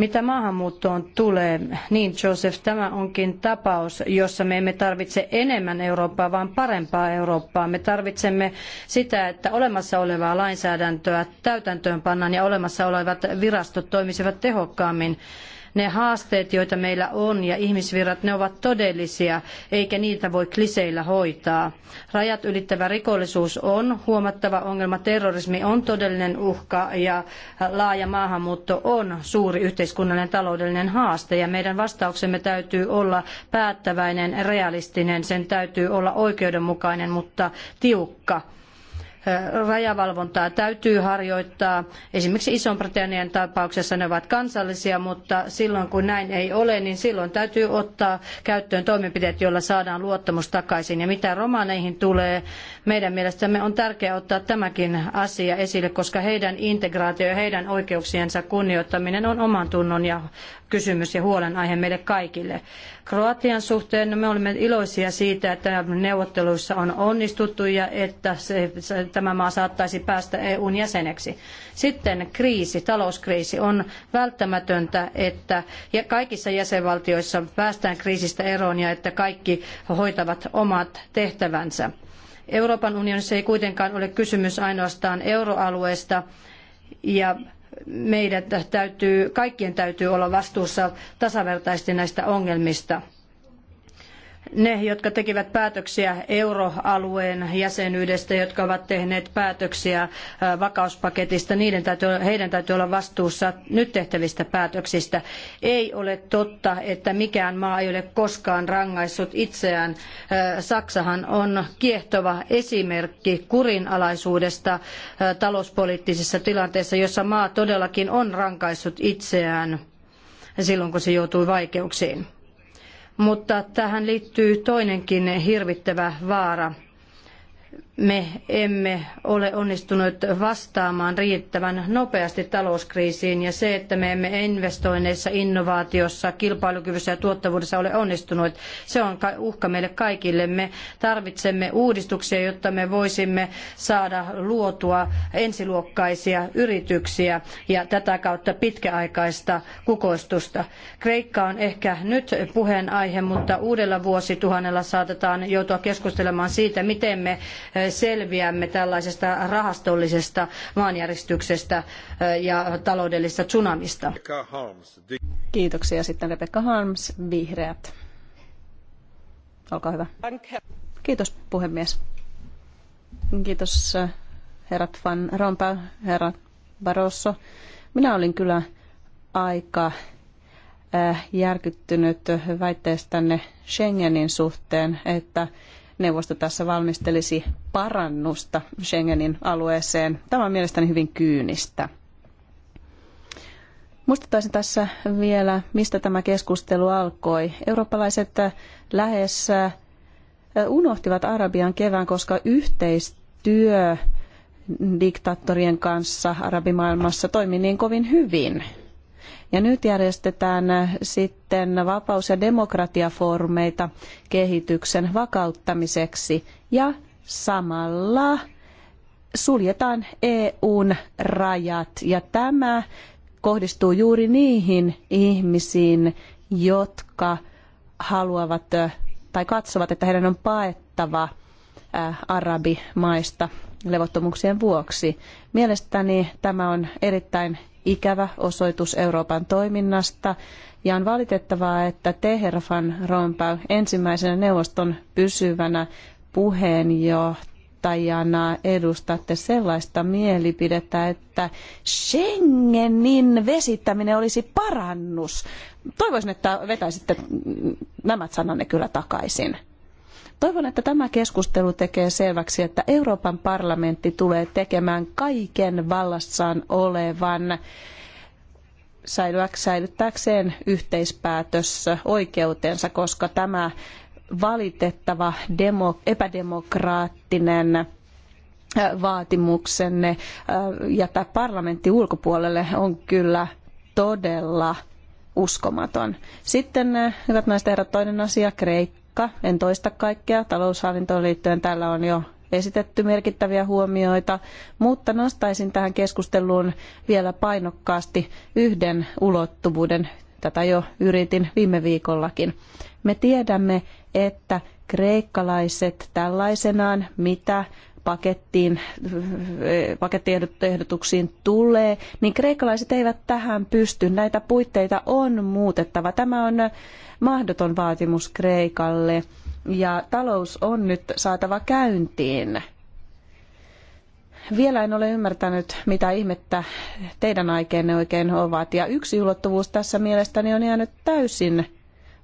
[SPEAKER 2] Mitä maahanmuuttoon tulee, niin Joseph, tämä onkin tapaus, jossa me emme tarvitse enemmän Eurooppaa, vaan parempaa Eurooppaa. Me tarvitsemme sitä, että olemassa olevaa lainsäädäntöä täytäntöön pannaan ja olemassa olevat virastot toimisivat tehokkaammin. Ne haasteet, joita meillä on ja ihmisvirrat, ne ovat todellisia, eikä niitä voi kliseillä hoitaa. Rajat ylittävä rikollisuus on huomattava ongelma, terrorismi on todellinen uhka ja laaja maahanmuutto on suuri yhteiskunnallinen taloudellinen haaste ja meidän vastauksemme täytyy olla päättäväinen, realistinen, sen täytyy olla oikeudenmukainen, mutta tiukka rajavalvontaa täytyy harjoittaa. Esimerkiksi Ison-Britannian tapauksessa ne ovat kansallisia, mutta silloin kun näin ei ole, niin silloin täytyy ottaa käyttöön toimenpiteet, joilla saadaan luottamus takaisin. Ja mitä romaneihin tulee, meidän mielestämme on tärkeää ottaa tämäkin asia esille, koska heidän integraatio ja heidän oikeuksiensa kunnioittaminen on oman tunnon ja kysymys ja huolenaihe meille kaikille. Kroatian suhteen no me olemme iloisia siitä, että neuvotteluissa on onnistuttu ja että se, se, tämä maa saattaisi päästä EUn jäseneksi. Sitten kriisi, talouskriisi on välttämätöntä, että ja kaikissa jäsenvaltioissa päästään kriisistä eroon ja että kaikki hoitavat omat tehtävänsä. Euroopan unionissa ei kuitenkaan ole kysymys ainoastaan euroalueesta ja meidät täytyy, kaikkien täytyy olla vastuussa tasavertaisesti näistä ongelmista ne, jotka tekivät päätöksiä euroalueen jäsenyydestä, jotka ovat tehneet päätöksiä äh, vakauspaketista, niiden täytyy, heidän täytyy olla vastuussa nyt tehtävistä päätöksistä. Ei ole totta, että mikään maa ei ole koskaan rangaissut itseään. Äh, Saksahan on kiehtova esimerkki kurinalaisuudesta äh, talouspoliittisessa tilanteessa, jossa maa todellakin on rankaissut itseään silloin, kun se joutui vaikeuksiin mutta tähän liittyy toinenkin hirvittävä vaara me emme ole onnistuneet vastaamaan riittävän nopeasti talouskriisiin ja se, että me emme investoinneissa, innovaatiossa, kilpailukyvyssä ja tuottavuudessa ole onnistuneet, se on uhka meille kaikille. Me tarvitsemme uudistuksia, jotta me voisimme saada luotua ensiluokkaisia yrityksiä ja tätä kautta pitkäaikaista kukoistusta. Kreikka on ehkä nyt puheenaihe, mutta uudella vuosituhannella saatetaan joutua keskustelemaan siitä, miten me selviämme tällaisesta rahastollisesta maanjäristyksestä ja taloudellisesta tsunamista. Kiitoksia. Sitten Rebecca Harms, Vihreät.
[SPEAKER 1] Olkaa hyvä. Kiitos puhemies. Kiitos herrat Van Rompuy, herra Barroso. Minä olin kyllä aika järkyttynyt väitteestänne Schengenin suhteen, että neuvosto tässä valmistelisi parannusta Schengenin alueeseen. Tämä on mielestäni hyvin kyynistä. Muistuttaisin tässä vielä, mistä tämä keskustelu alkoi. Eurooppalaiset äh, lähes äh, unohtivat Arabian kevään, koska yhteistyö diktaattorien kanssa arabimaailmassa toimi niin kovin hyvin. Ja nyt järjestetään sitten vapaus- ja demokratiafoorumeita kehityksen vakauttamiseksi ja samalla suljetaan EUn rajat ja tämä kohdistuu juuri niihin ihmisiin, jotka haluavat tai katsovat, että heidän on paettava arabimaista levottomuuksien vuoksi. Mielestäni tämä on erittäin ikävä osoitus Euroopan toiminnasta. Ja on valitettavaa, että te, rompau Rompuy, ensimmäisenä neuvoston pysyvänä puheenjohtajana edustatte sellaista mielipidettä, että Schengenin vesittäminen olisi parannus. Toivoisin, että vetäisitte nämä sananne kyllä takaisin. Toivon, että tämä keskustelu tekee selväksi, että Euroopan parlamentti tulee tekemään kaiken vallassaan olevan säilyttääkseen yhteispäätössä oikeutensa, koska tämä valitettava demo, epädemokraattinen äh, vaatimuksenne äh, jättää parlamentti ulkopuolelle on kyllä todella uskomaton. Sitten, äh, hyvät naiset ja herrat, toinen asia, Kreikka vaikka en toista kaikkea taloushallintoon liittyen, täällä on jo esitetty merkittäviä huomioita, mutta nostaisin tähän keskusteluun vielä painokkaasti yhden ulottuvuuden. Tätä jo yritin viime viikollakin. Me tiedämme, että kreikkalaiset tällaisenaan, mitä pakettiin, pakettiehdotuksiin tulee, niin kreikalaiset eivät tähän pysty. Näitä puitteita on muutettava. Tämä on mahdoton vaatimus Kreikalle ja talous on nyt saatava käyntiin. Vielä en ole ymmärtänyt, mitä ihmettä teidän aikeenne oikein ovat. Ja yksi ulottuvuus tässä mielestäni on jäänyt täysin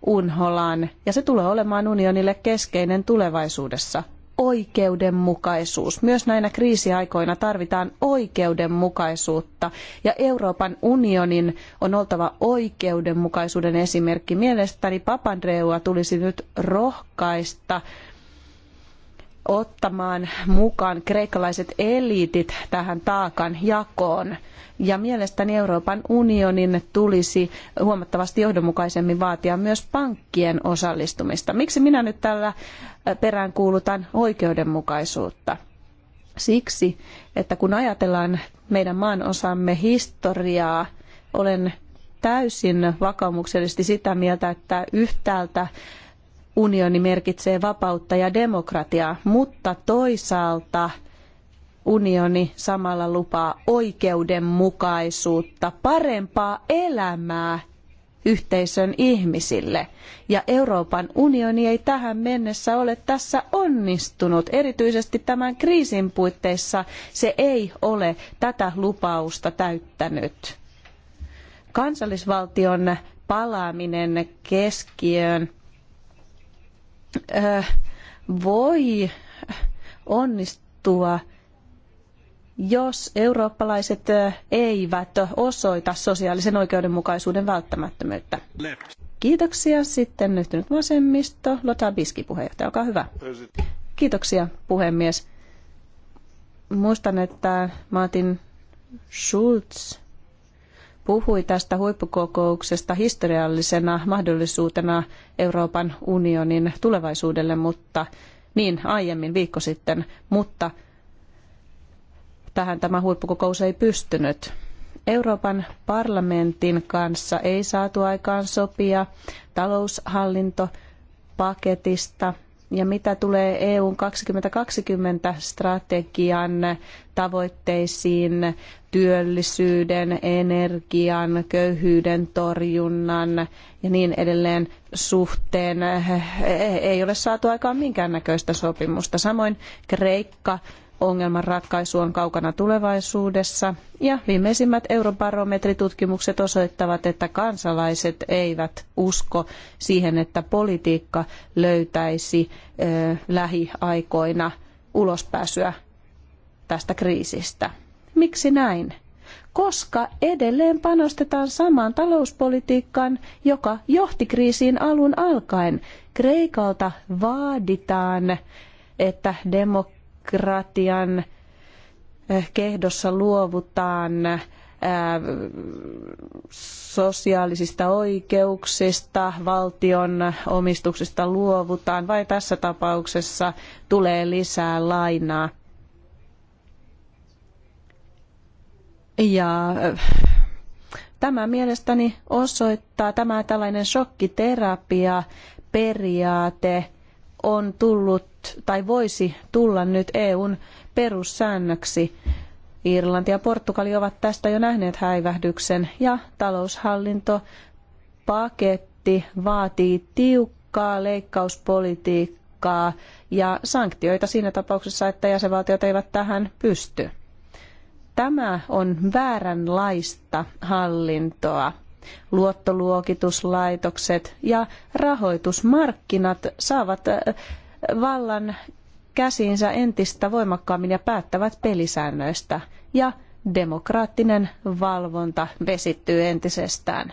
[SPEAKER 1] unholaan, ja se tulee olemaan unionille keskeinen tulevaisuudessa – oikeudenmukaisuus. Myös näinä kriisiaikoina tarvitaan oikeudenmukaisuutta ja Euroopan unionin on oltava oikeudenmukaisuuden esimerkki. Mielestäni Papandreua tulisi nyt rohkaista ottamaan mukaan kreikkalaiset eliitit tähän taakan jakoon. Ja mielestäni Euroopan unionin tulisi huomattavasti johdonmukaisemmin vaatia myös pankkien osallistumista. Miksi minä nyt tällä peräänkuulutan oikeudenmukaisuutta? Siksi, että kun ajatellaan meidän maanosamme historiaa, olen täysin vakaumuksellisesti sitä mieltä, että yhtäältä unioni merkitsee vapautta ja demokratiaa, mutta toisaalta unioni samalla lupaa oikeudenmukaisuutta, parempaa elämää yhteisön ihmisille. Ja Euroopan unioni ei tähän mennessä ole tässä onnistunut. Erityisesti tämän kriisin puitteissa se ei ole tätä lupausta täyttänyt. Kansallisvaltion palaaminen keskiöön Äh, voi onnistua, jos eurooppalaiset äh, eivät osoita sosiaalisen oikeudenmukaisuuden välttämättömyyttä. Kiitoksia. Sitten nyt nyhtynyt vasemmisto. Lotta Biski, puheenjohtaja, olkaa hyvä. Kiitoksia, puhemies. Muistan, että Martin Schulz puhui tästä huippukokouksesta historiallisena mahdollisuutena Euroopan unionin tulevaisuudelle, mutta niin aiemmin viikko sitten, mutta tähän tämä huippukokous ei pystynyt. Euroopan parlamentin kanssa ei saatu aikaan sopia taloushallinto paketista – ja mitä tulee EUn 2020-strategian tavoitteisiin, työllisyyden, energian, köyhyyden torjunnan ja niin edelleen suhteen, eh, eh, ei ole saatu aikaan minkäännäköistä sopimusta. Samoin Kreikka ongelman ratkaisu on kaukana tulevaisuudessa. Ja viimeisimmät eurobarometritutkimukset osoittavat, että kansalaiset eivät usko siihen, että politiikka löytäisi ö, lähiaikoina ulospääsyä tästä kriisistä. Miksi näin? Koska edelleen panostetaan samaan talouspolitiikkaan, joka johti kriisiin alun alkaen. Kreikalta vaaditaan, että demokratia demokratian eh, kehdossa luovutaan eh, sosiaalisista oikeuksista, valtion omistuksista luovutaan, vai tässä tapauksessa tulee lisää lainaa. Ja eh, tämä mielestäni osoittaa, tämä tällainen shokkiterapia periaate on tullut tai voisi tulla nyt EUn perussäännöksi. Irlanti ja Portugali ovat tästä jo nähneet häivähdyksen ja taloushallintopaketti vaatii tiukkaa leikkauspolitiikkaa ja sanktioita siinä tapauksessa, että jäsenvaltiot eivät tähän pysty. Tämä on vääränlaista hallintoa luottoluokituslaitokset ja rahoitusmarkkinat saavat vallan käsiinsä entistä voimakkaammin ja päättävät pelisäännöistä ja demokraattinen valvonta vesittyy entisestään.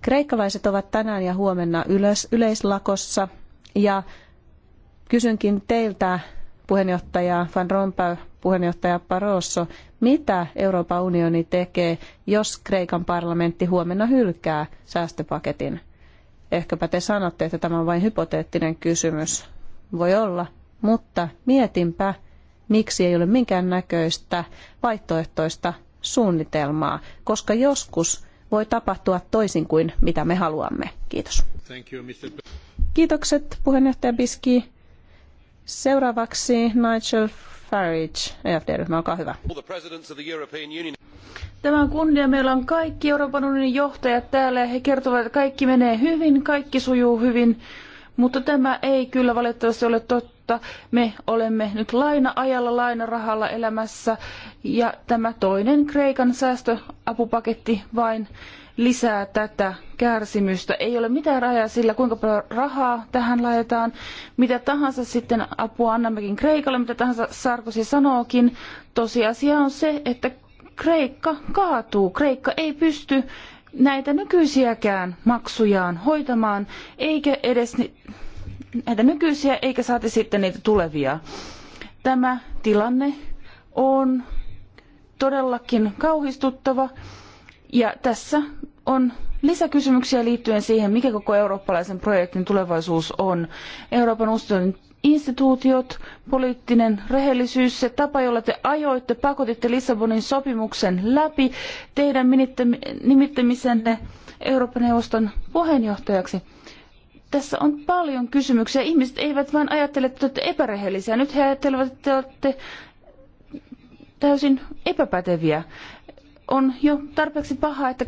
[SPEAKER 1] Kreikkalaiset ovat tänään ja huomenna yleis- yleislakossa ja kysynkin teiltä puheenjohtaja Van Rompuy, puheenjohtaja Barroso, mitä Euroopan unioni tekee, jos Kreikan parlamentti huomenna hylkää säästöpaketin? Ehkäpä te sanotte, että tämä on vain hypoteettinen kysymys. Voi olla, mutta mietinpä, miksi ei ole minkään näköistä vaihtoehtoista suunnitelmaa, koska joskus voi tapahtua toisin kuin mitä me haluamme. Kiitos. You, Kiitokset puheenjohtaja Biski. Seuraavaksi Nigel Farage, EFD-ryhmä, olkaa hyvä. Tämä on kunnia. Meillä on kaikki Euroopan unionin
[SPEAKER 3] johtajat täällä ja he kertovat, että kaikki menee hyvin, kaikki sujuu hyvin. Mutta tämä ei kyllä valitettavasti ole totta. Me olemme nyt laina-ajalla, lainarahalla elämässä ja tämä toinen Kreikan säästöapupaketti vain lisää tätä kärsimystä. Ei ole mitään rajaa sillä, kuinka paljon rahaa tähän laitetaan. Mitä tahansa sitten apua annammekin Kreikalle, mitä tahansa Sarkosi sanookin. Tosiasia on se, että Kreikka kaatuu. Kreikka ei pysty näitä nykyisiäkään maksujaan hoitamaan, eikä edes näitä nykyisiä, eikä saati sitten niitä tulevia. Tämä tilanne on todellakin kauhistuttava. Ja tässä on lisäkysymyksiä liittyen siihen, mikä koko eurooppalaisen projektin tulevaisuus on. Euroopan unionin instituutiot, poliittinen rehellisyys, se tapa, jolla te ajoitte, pakotitte Lissabonin sopimuksen läpi teidän nimittämisenne Euroopan neuvoston puheenjohtajaksi. Tässä on paljon kysymyksiä. Ihmiset eivät vain ajattele, että te olette epärehellisiä. Nyt he ajattelevat, että te olette täysin epäpäteviä on jo tarpeeksi paha, että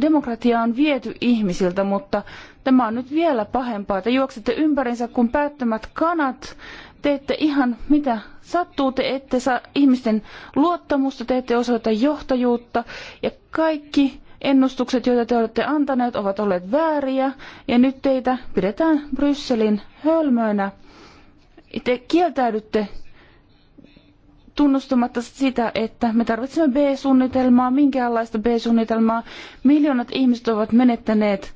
[SPEAKER 3] demokratia on viety ihmisiltä, mutta tämä on nyt vielä pahempaa. Te juoksette ympärinsä kuin päättömät kanat, teette ihan mitä sattuu, te ette saa ihmisten luottamusta, te ette osoita johtajuutta ja kaikki ennustukset, joita te olette antaneet, ovat olleet vääriä ja nyt teitä pidetään Brysselin hölmöinä. Te kieltäydytte tunnustamatta sitä, että me tarvitsemme B-suunnitelmaa, minkäänlaista B-suunnitelmaa. Miljoonat ihmiset ovat menettäneet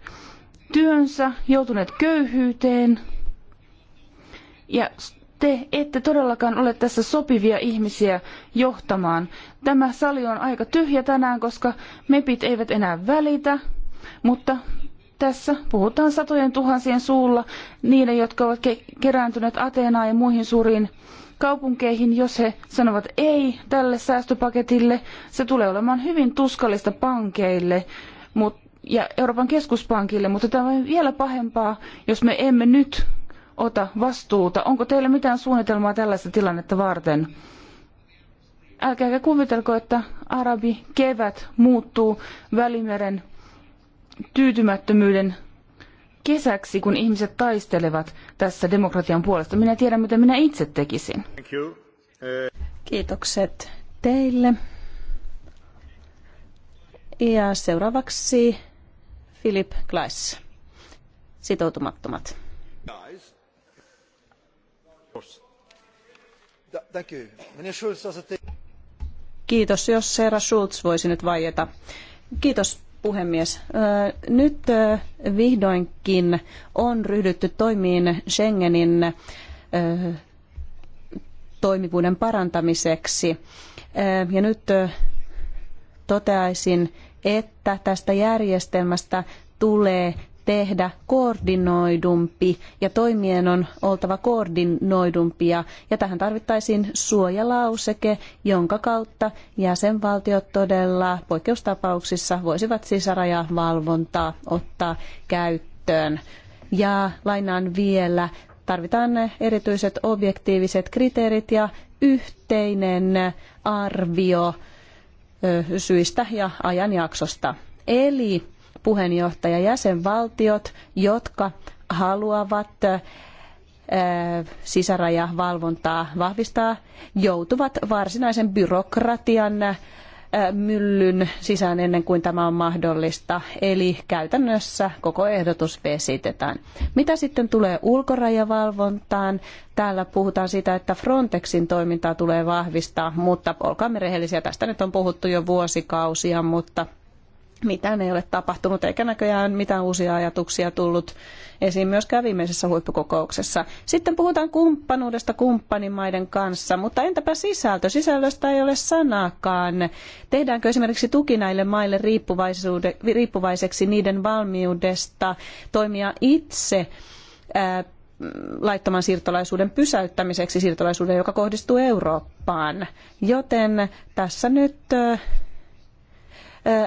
[SPEAKER 3] työnsä, joutuneet köyhyyteen. Ja te ette todellakaan ole tässä sopivia ihmisiä johtamaan. Tämä sali on aika tyhjä tänään, koska mepit eivät enää välitä, mutta tässä puhutaan satojen tuhansien suulla niiden, jotka ovat ke- kerääntyneet Ateenaan ja muihin suuriin kaupunkeihin, jos he sanovat ei tälle säästöpaketille. Se tulee olemaan hyvin tuskallista pankeille ja Euroopan keskuspankille, mutta tämä on vielä pahempaa, jos me emme nyt ota vastuuta. Onko teillä mitään suunnitelmaa tällaista tilannetta varten? Älkääkä kuvitelko, että arabi kevät muuttuu Välimeren tyytymättömyyden kesäksi, kun ihmiset taistelevat tässä demokratian puolesta. Minä tiedän, mitä minä itse tekisin.
[SPEAKER 4] Eh.
[SPEAKER 3] Kiitokset
[SPEAKER 1] teille. Ja seuraavaksi Philip Glass, sitoutumattomat. Kiitos, jos Seera Schulz voisi nyt vaieta. Kiitos puhemies. Nyt vihdoinkin on ryhdytty toimiin Schengenin toimivuuden parantamiseksi. Ja nyt toteaisin, että tästä järjestelmästä tulee tehdä koordinoidumpi ja toimien on oltava koordinoidumpia ja tähän tarvittaisiin suojalauseke, jonka kautta jäsenvaltiot todella poikkeustapauksissa voisivat sisärajavalvontaa ottaa käyttöön. Ja lainaan vielä, tarvitaan erityiset objektiiviset kriteerit ja yhteinen arvio syistä ja ajanjaksosta. Eli puheenjohtajajäsenvaltiot, jotka haluavat äh, sisärajavalvontaa vahvistaa, joutuvat varsinaisen byrokratian äh, myllyn sisään ennen kuin tämä on mahdollista. Eli käytännössä koko ehdotus vesitetään. Mitä sitten tulee ulkorajavalvontaan? Täällä puhutaan siitä, että Frontexin toimintaa tulee vahvistaa, mutta olkaamme rehellisiä, tästä nyt on puhuttu jo vuosikausia, mutta mitään ei ole tapahtunut eikä näköjään mitään uusia ajatuksia tullut esiin myöskään viimeisessä huippukokouksessa. Sitten puhutaan kumppanuudesta kumppanimaiden kanssa, mutta entäpä sisältö? Sisällöstä ei ole sanaakaan. Tehdäänkö esimerkiksi tuki näille maille riippuvaiseksi niiden valmiudesta toimia itse ää, laittoman siirtolaisuuden pysäyttämiseksi, siirtolaisuuden, joka kohdistuu Eurooppaan. Joten tässä nyt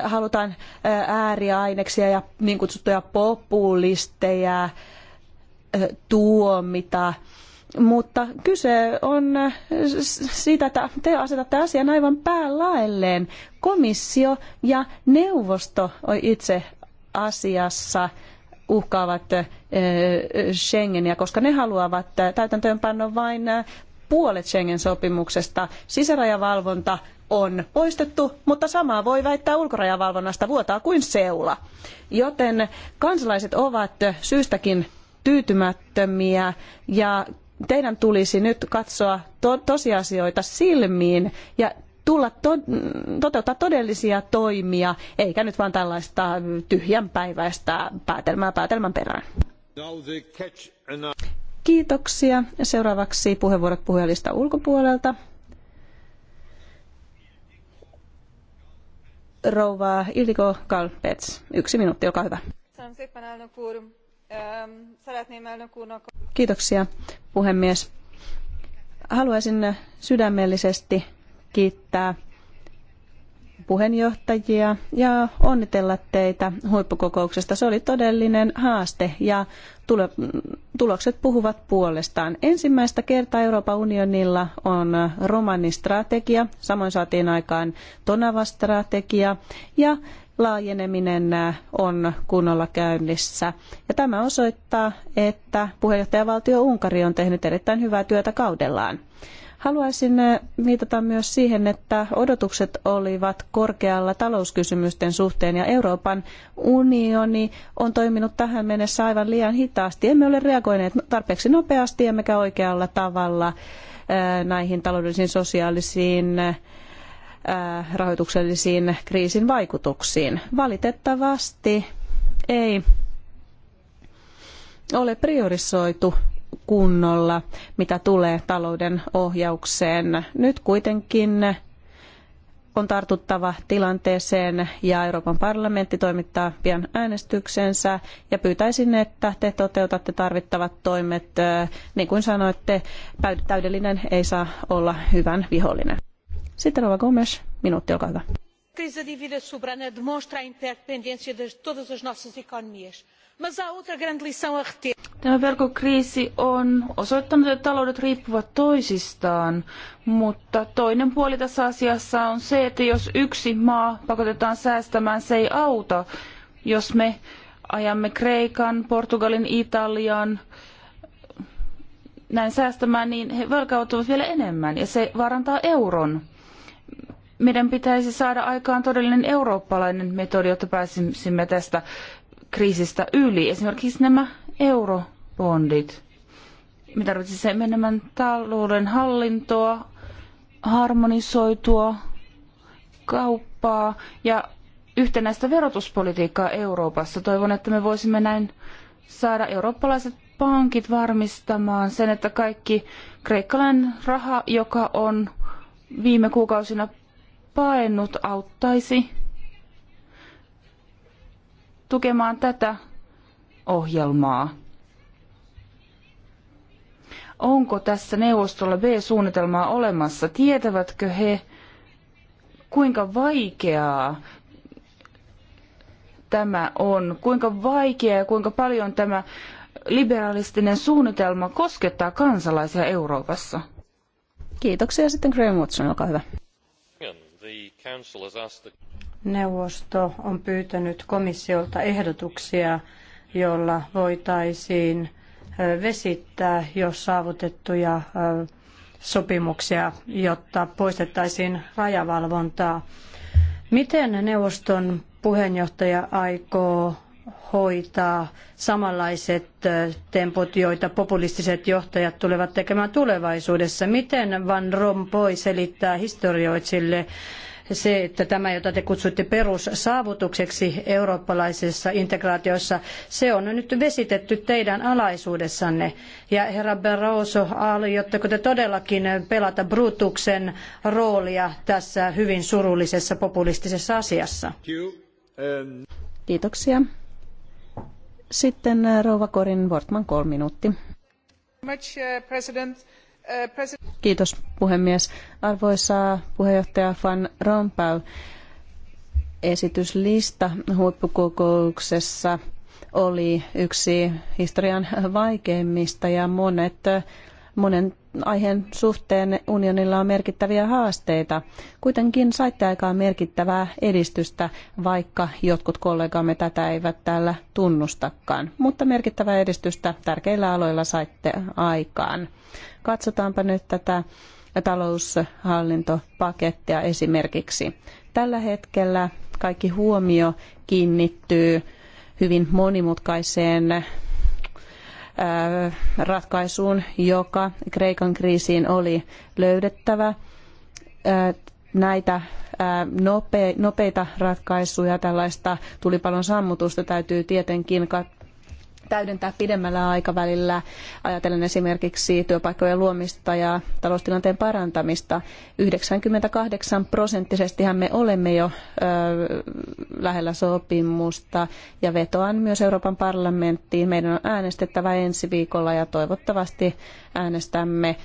[SPEAKER 1] halutaan ääriaineksia ja niin kutsuttuja populisteja tuomita. Mutta kyse on siitä, että te asetatte asian aivan päälaelleen. Komissio ja neuvosto itse asiassa uhkaavat Schengeniä, koska ne haluavat täytäntöönpannon vain puolet Schengen-sopimuksesta. Sisärajavalvonta on poistettu, mutta samaa voi väittää ulkorajavalvonnasta vuotaa kuin seula. Joten kansalaiset ovat syystäkin tyytymättömiä ja teidän tulisi nyt katsoa to- tosiasioita silmiin ja tulla to- toteuttaa todellisia toimia, eikä nyt vain tällaista tyhjänpäiväistä päätelmää päätelmän perään. Kiitoksia. Seuraavaksi puheenvuorot puhujalista ulkopuolelta. rouva Ildiko Kalpets. Yksi minuutti, olkaa hyvä. Kiitoksia, puhemies. Haluaisin sydämellisesti kiittää puheenjohtajia ja onnitella teitä huippukokouksesta. Se oli todellinen haaste ja tulokset puhuvat puolestaan. Ensimmäistä kertaa Euroopan unionilla on romanistrategia, samoin saatiin aikaan Tonava-strategia ja laajeneminen on kunnolla käynnissä. Ja tämä osoittaa, että puheenjohtajavaltio Unkari on tehnyt erittäin hyvää työtä kaudellaan. Haluaisin äh, viitata myös siihen, että odotukset olivat korkealla talouskysymysten suhteen ja Euroopan unioni on toiminut tähän mennessä aivan liian hitaasti. Emme ole reagoineet tarpeeksi nopeasti emmekä oikealla tavalla äh, näihin taloudellisiin, sosiaalisiin, äh, rahoituksellisiin kriisin vaikutuksiin. Valitettavasti ei ole priorisoitu kunnolla, mitä tulee talouden ohjaukseen. Nyt kuitenkin on tartuttava tilanteeseen ja Euroopan parlamentti toimittaa pian äänestyksensä ja pyytäisin, että te toteutatte tarvittavat toimet. Niin kuin sanoitte, täydellinen ei saa olla hyvän vihollinen. Sitten Rova Gomes, minuutti, olkaa hyvä.
[SPEAKER 4] Crise soberana demonstra a interdependência de todas as nossas economias
[SPEAKER 3] Tämä verkkokriisi on osoittanut, että taloudet riippuvat toisistaan, mutta toinen puoli tässä asiassa on se, että jos yksi maa pakotetaan säästämään, se ei auta. Jos me ajamme Kreikan, Portugalin, Italian näin säästämään, niin he velkautuvat vielä enemmän ja se vaarantaa euron meidän pitäisi saada aikaan todellinen eurooppalainen metodi, jotta pääsisimme tästä kriisistä yli. Esimerkiksi nämä eurobondit. Me tarvitsisimme enemmän talouden hallintoa, harmonisoitua kauppaa ja yhtenäistä verotuspolitiikkaa Euroopassa. Toivon, että me voisimme näin saada eurooppalaiset pankit varmistamaan sen, että kaikki kreikkalainen raha, joka on viime kuukausina paennut, auttaisi tukemaan tätä ohjelmaa. Onko tässä neuvostolla B-suunnitelmaa olemassa? Tietävätkö he, kuinka vaikeaa tämä on? Kuinka vaikeaa ja kuinka paljon tämä liberalistinen suunnitelma koskettaa
[SPEAKER 2] kansalaisia Euroopassa? Kiitoksia sitten Graham Watson, olkaa hyvä. Neuvosto on pyytänyt komissiolta ehdotuksia, joilla voitaisiin vesittää jo saavutettuja sopimuksia, jotta poistettaisiin rajavalvontaa. Miten neuvoston puheenjohtaja aikoo hoitaa samanlaiset temput, joita populistiset johtajat tulevat tekemään tulevaisuudessa? Miten Van Rompuy selittää historioitsille se, että tämä, jota te kutsuitte perussaavutukseksi eurooppalaisessa integraatiossa, se on nyt vesitetty teidän alaisuudessanne. Ja herra Barroso, aiotteko te todellakin pelata Brutuksen roolia tässä hyvin surullisessa populistisessa asiassa? Kiitoksia.
[SPEAKER 1] Sitten rouva Korin Wortman, kolme minuuttia. Kiitos puhemies. Arvoisa puheenjohtaja Van Rompuy, esityslista huippukokouksessa oli yksi historian vaikeimmista ja monet, monen aiheen suhteen unionilla on merkittäviä haasteita. Kuitenkin saitte aikaan merkittävää edistystä, vaikka jotkut kollegamme tätä eivät täällä tunnustakaan. Mutta merkittävää edistystä tärkeillä aloilla saitte aikaan. Katsotaanpa nyt tätä taloushallintopakettia esimerkiksi. Tällä hetkellä kaikki huomio kiinnittyy hyvin monimutkaiseen äh, ratkaisuun, joka Kreikan kriisiin oli löydettävä. Äh, näitä äh, nopeita ratkaisuja, tällaista tulipalon sammutusta täytyy tietenkin täydentää pidemmällä aikavälillä, ajatellen esimerkiksi työpaikkojen luomista ja taloustilanteen parantamista. 98 prosenttisestihan me olemme jo lähellä sopimusta ja vetoan myös Euroopan parlamenttiin. Meidän on äänestettävä ensi viikolla ja toivottavasti äänestämme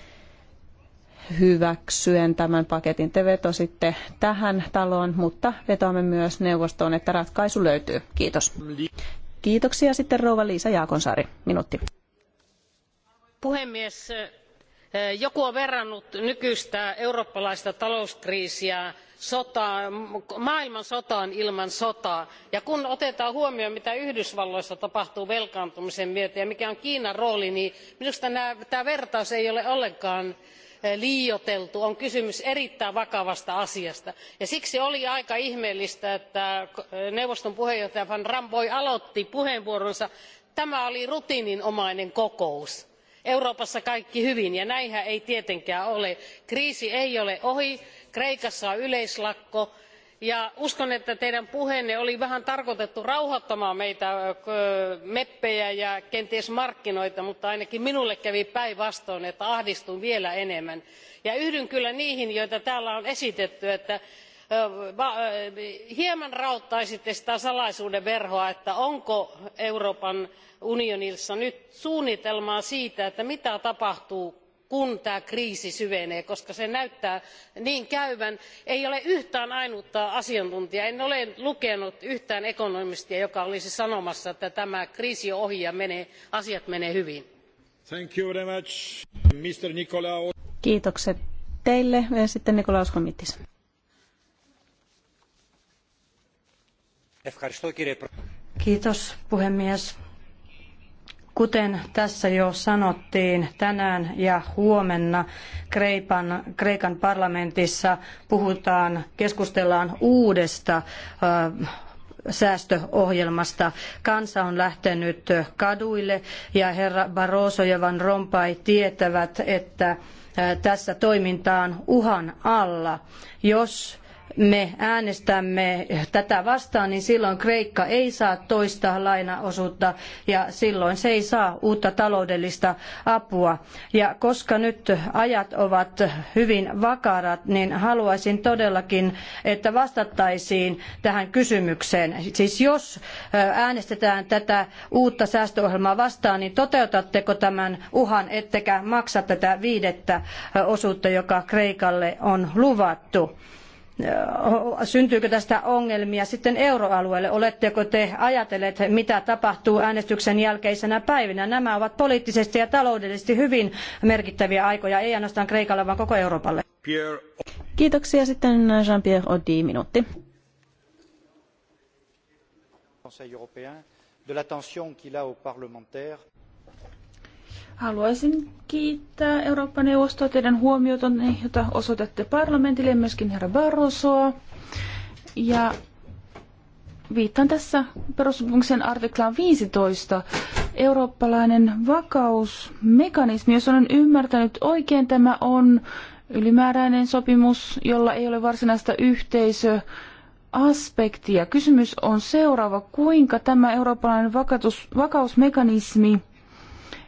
[SPEAKER 1] hyväksyen tämän paketin. Te vetositte tähän taloon, mutta vetoamme myös neuvostoon, että ratkaisu löytyy. Kiitos. Kiitoksia sitten rouva Liisa Jaakonsaari. Minuutti.
[SPEAKER 4] Puhemies, joku on verrannut nykyistä eurooppalaista talouskriisiä sotaan, maailmansotaan ilman sotaa. Ja kun otetaan huomioon, mitä Yhdysvalloissa tapahtuu velkaantumisen myötä ja mikä on Kiinan rooli, niin minusta nämä, tämä vertaus ei ole ollenkaan Eh, liioiteltu on kysymys erittäin vakavasta asiasta ja siksi oli aika ihmeellistä että eh, neuvoston puheenjohtaja van rompuy aloitti puheenvuoronsa tämä oli rutiininomainen kokous euroopassa kaikki hyvin ja näinhän ei tietenkään ole. kriisi ei ole ohi kreikassa on yleislakko ja uskon että teidän puheenne oli vähän tarkoitettu rauhoittamaan meitä meppejä ja kenties markkinoita mutta ainakin minulle kävi päinvastoin että ahdistuin vielä enemmän. yhdyn kyllä niihin joita täällä on esitetty että hieman raottaisitte sitä salaisuuden verhoa että onko euroopan unionissa nyt suunnitelmaa siitä mitä tapahtuu kun tämä kriisi syvenee koska sen näyttää niin käyvän. ei ole yhtään ainutta asiantuntijaa en ole lukenut yhtään ekonomistia joka olisi sanomassa että tämä kriisi on ohi ja asiat menevät hyvin.
[SPEAKER 1] Kiitokset teille. Sitten Nikolaus Komitis.
[SPEAKER 2] Kiitos puhemies Kuten tässä jo sanottiin, tänään ja huomenna Kreikan, Kreikan parlamentissa puhutaan, keskustellaan uudesta säästöohjelmasta. Kansa on lähtenyt kaduille ja herra Barroso ja Van Rompuy tietävät, että tässä toimintaan uhan alla. Jos me äänestämme tätä vastaan, niin silloin Kreikka ei saa toista lainaosuutta ja silloin se ei saa uutta taloudellista apua. Ja koska nyt ajat ovat hyvin vakarat, niin haluaisin todellakin, että vastattaisiin tähän kysymykseen. Siis jos äänestetään tätä uutta säästöohjelmaa vastaan, niin toteutatteko tämän uhan, ettekä maksa tätä viidettä osuutta, joka Kreikalle on luvattu? syntyykö tästä ongelmia sitten euroalueelle? Oletteko te ajatelleet, mitä tapahtuu äänestyksen jälkeisenä päivinä? Nämä ovat poliittisesti ja taloudellisesti hyvin merkittäviä aikoja, ei ainoastaan Kreikalle, vaan koko Euroopalle. Pierre...
[SPEAKER 1] Kiitoksia. Sitten Jean-Pierre Odi, minuutti.
[SPEAKER 3] Conseil européen, de l'attention qu'il a aux parlementaires. Haluaisin kiittää Eurooppa-neuvostoa teidän huomiotanne, jota osoitatte parlamentille ja myöskin herra Barrosoa. Ja viittaan tässä perussopimuksen artiklaan 15. Eurooppalainen vakausmekanismi, jos olen ymmärtänyt oikein, tämä on ylimääräinen sopimus, jolla ei ole varsinaista yhteisö aspektia. Kysymys on seuraava, kuinka tämä eurooppalainen vakausmekanismi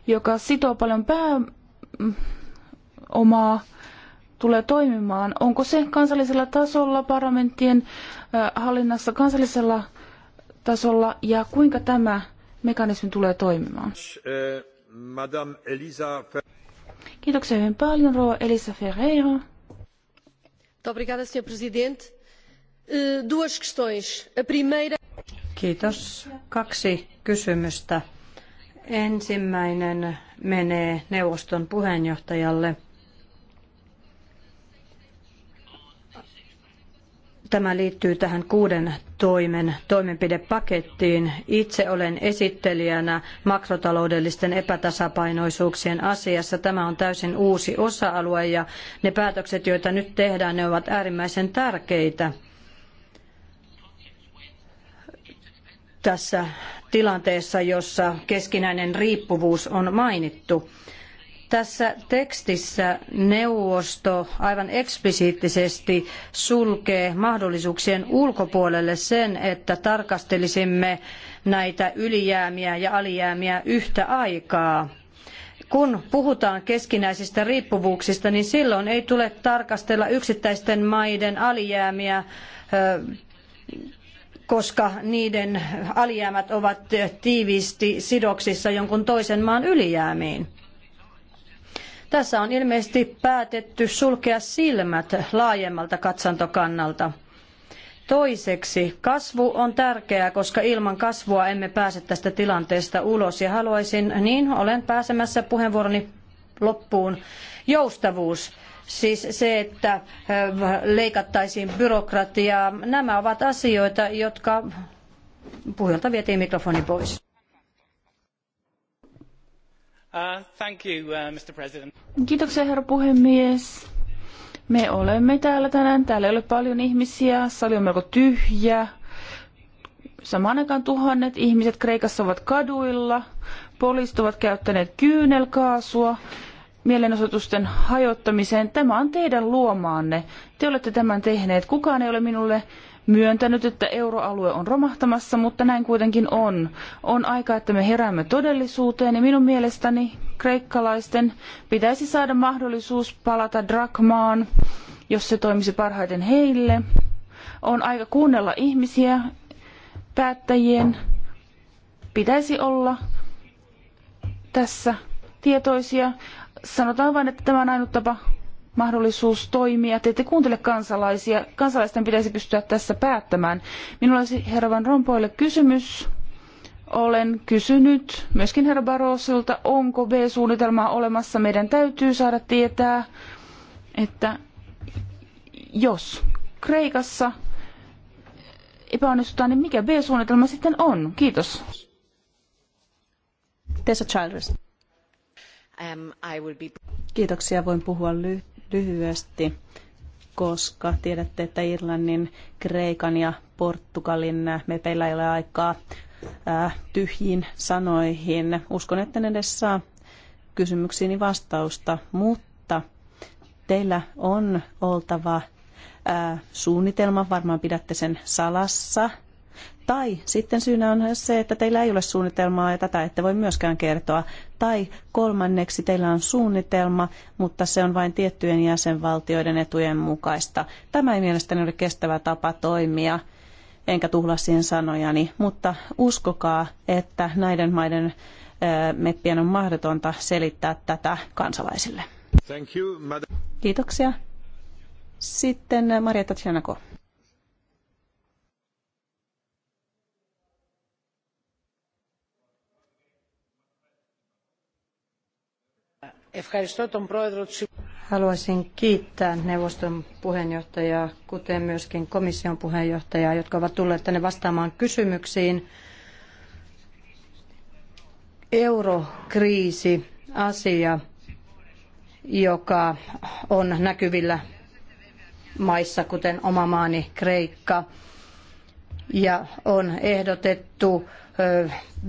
[SPEAKER 3] joka sitoo paljon pääomaa, mm, tulee toimimaan? Onko se kansallisella tasolla, parlamenttien hallinnassa kansallisella tasolla ja kuinka tämä mekanismi tulee toimimaan?
[SPEAKER 2] Madame Elisa
[SPEAKER 3] Kiitoksia hyvin paljon, Rouva Elisa Ferreira.
[SPEAKER 2] Obrigada, senhor
[SPEAKER 4] presidente.
[SPEAKER 2] Eh, duas questões. A primeira... Kiitos. Kaksi kysymystä. Ensimmäinen menee neuvoston puheenjohtajalle. Tämä liittyy tähän kuuden toimen toimenpidepakettiin. Itse olen esittelijänä makrotaloudellisten epätasapainoisuuksien asiassa. Tämä on täysin uusi osa-alue ja ne päätökset, joita nyt tehdään, ne ovat äärimmäisen tärkeitä tässä tilanteessa, jossa keskinäinen riippuvuus on mainittu. Tässä tekstissä neuvosto aivan eksplisiittisesti sulkee mahdollisuuksien ulkopuolelle sen, että tarkastelisimme näitä ylijäämiä ja alijäämiä yhtä aikaa. Kun puhutaan keskinäisistä riippuvuuksista, niin silloin ei tule tarkastella yksittäisten maiden alijäämiä koska niiden alijäämät ovat tiiviisti sidoksissa jonkun toisen maan ylijäämiin. Tässä on ilmeisesti päätetty sulkea silmät laajemmalta katsantokannalta. Toiseksi, kasvu on tärkeää, koska ilman kasvua emme pääse tästä tilanteesta ulos. Ja haluaisin, niin olen pääsemässä puheenvuoroni loppuun, joustavuus. Siis se, että äh, leikattaisiin byrokratiaa. Nämä ovat asioita, jotka puhujalta vietiin mikrofoni pois.
[SPEAKER 3] Uh, thank you, uh, Mr. President. Kiitoksia, herra puhemies. Me olemme täällä tänään. Täällä ei ole paljon ihmisiä. Sali on melko tyhjä. Samaan aikaan tuhannet ihmiset Kreikassa ovat kaduilla. Poliisit ovat käyttäneet kyynelkaasua mielenosoitusten hajottamiseen. Tämä on teidän luomaanne. Te olette tämän tehneet. Kukaan ei ole minulle myöntänyt, että euroalue on romahtamassa, mutta näin kuitenkin on. On aika, että me heräämme todellisuuteen ja minun mielestäni kreikkalaisten pitäisi saada mahdollisuus palata drakmaan, jos se toimisi parhaiten heille. On aika kuunnella ihmisiä, päättäjien pitäisi olla tässä tietoisia. Sanotaan vain, että tämä on ainut tapa mahdollisuus toimia. Te ette kuuntele kansalaisia. Kansalaisten pitäisi pystyä tässä päättämään. Minulla olisi herra Van Rompoille kysymys. Olen kysynyt myöskin herra Barrosilta, onko B-suunnitelmaa olemassa. Meidän täytyy saada tietää, että jos Kreikassa epäonnistutaan, niin mikä B-suunnitelma sitten on? Kiitos.
[SPEAKER 1] Tessa Childers. Um, Kiitoksia, voin puhua lyhyesti, koska tiedätte, että Irlannin, Kreikan ja Portugalin mepeillä ei ole aikaa tyhjiin sanoihin. Uskon, että edes saa kysymyksiini vastausta, mutta teillä on oltava suunnitelma, varmaan pidätte sen salassa – tai sitten syynä on se, että teillä ei ole suunnitelmaa ja tätä ette voi myöskään kertoa. Tai kolmanneksi teillä on suunnitelma, mutta se on vain tiettyjen jäsenvaltioiden etujen mukaista. Tämä ei mielestäni ole kestävä tapa toimia, enkä tuhla siihen sanojani, mutta uskokaa, että näiden maiden meppien on mahdotonta selittää tätä kansalaisille. Thank you, Kiitoksia. Sitten Maria Tatjanako.
[SPEAKER 2] Haluaisin kiittää neuvoston puheenjohtajaa, kuten myöskin komission puheenjohtajaa, jotka ovat tulleet tänne vastaamaan kysymyksiin. Eurokriisi, asia, joka on näkyvillä maissa, kuten oma maani Kreikka – ja on ehdotettu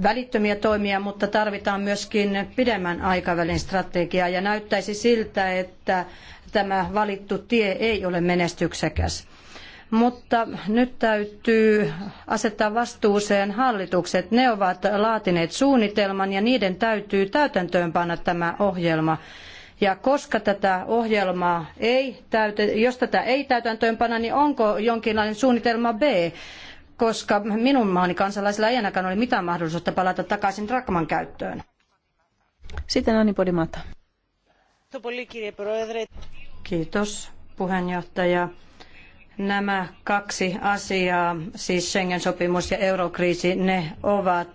[SPEAKER 2] välittömiä toimia, mutta tarvitaan myöskin pidemmän aikavälin strategiaa ja näyttäisi siltä, että tämä valittu tie ei ole menestyksekäs. Mutta nyt täytyy asettaa vastuuseen hallitukset. Ne ovat laatineet suunnitelman ja niiden täytyy täytäntöönpanna tämä ohjelma. Ja koska tätä ohjelmaa ei täytä, jos tätä ei täytäntöönpana, niin onko jonkinlainen suunnitelma B? koska minun maani kansalaisilla ei ainakaan ole mitään mahdollisuutta palata takaisin drakman käyttöön. Sitten Anni Podimata. Kiitos puheenjohtaja. Nämä kaksi asiaa, siis Schengen-sopimus ja eurokriisi, ne ovat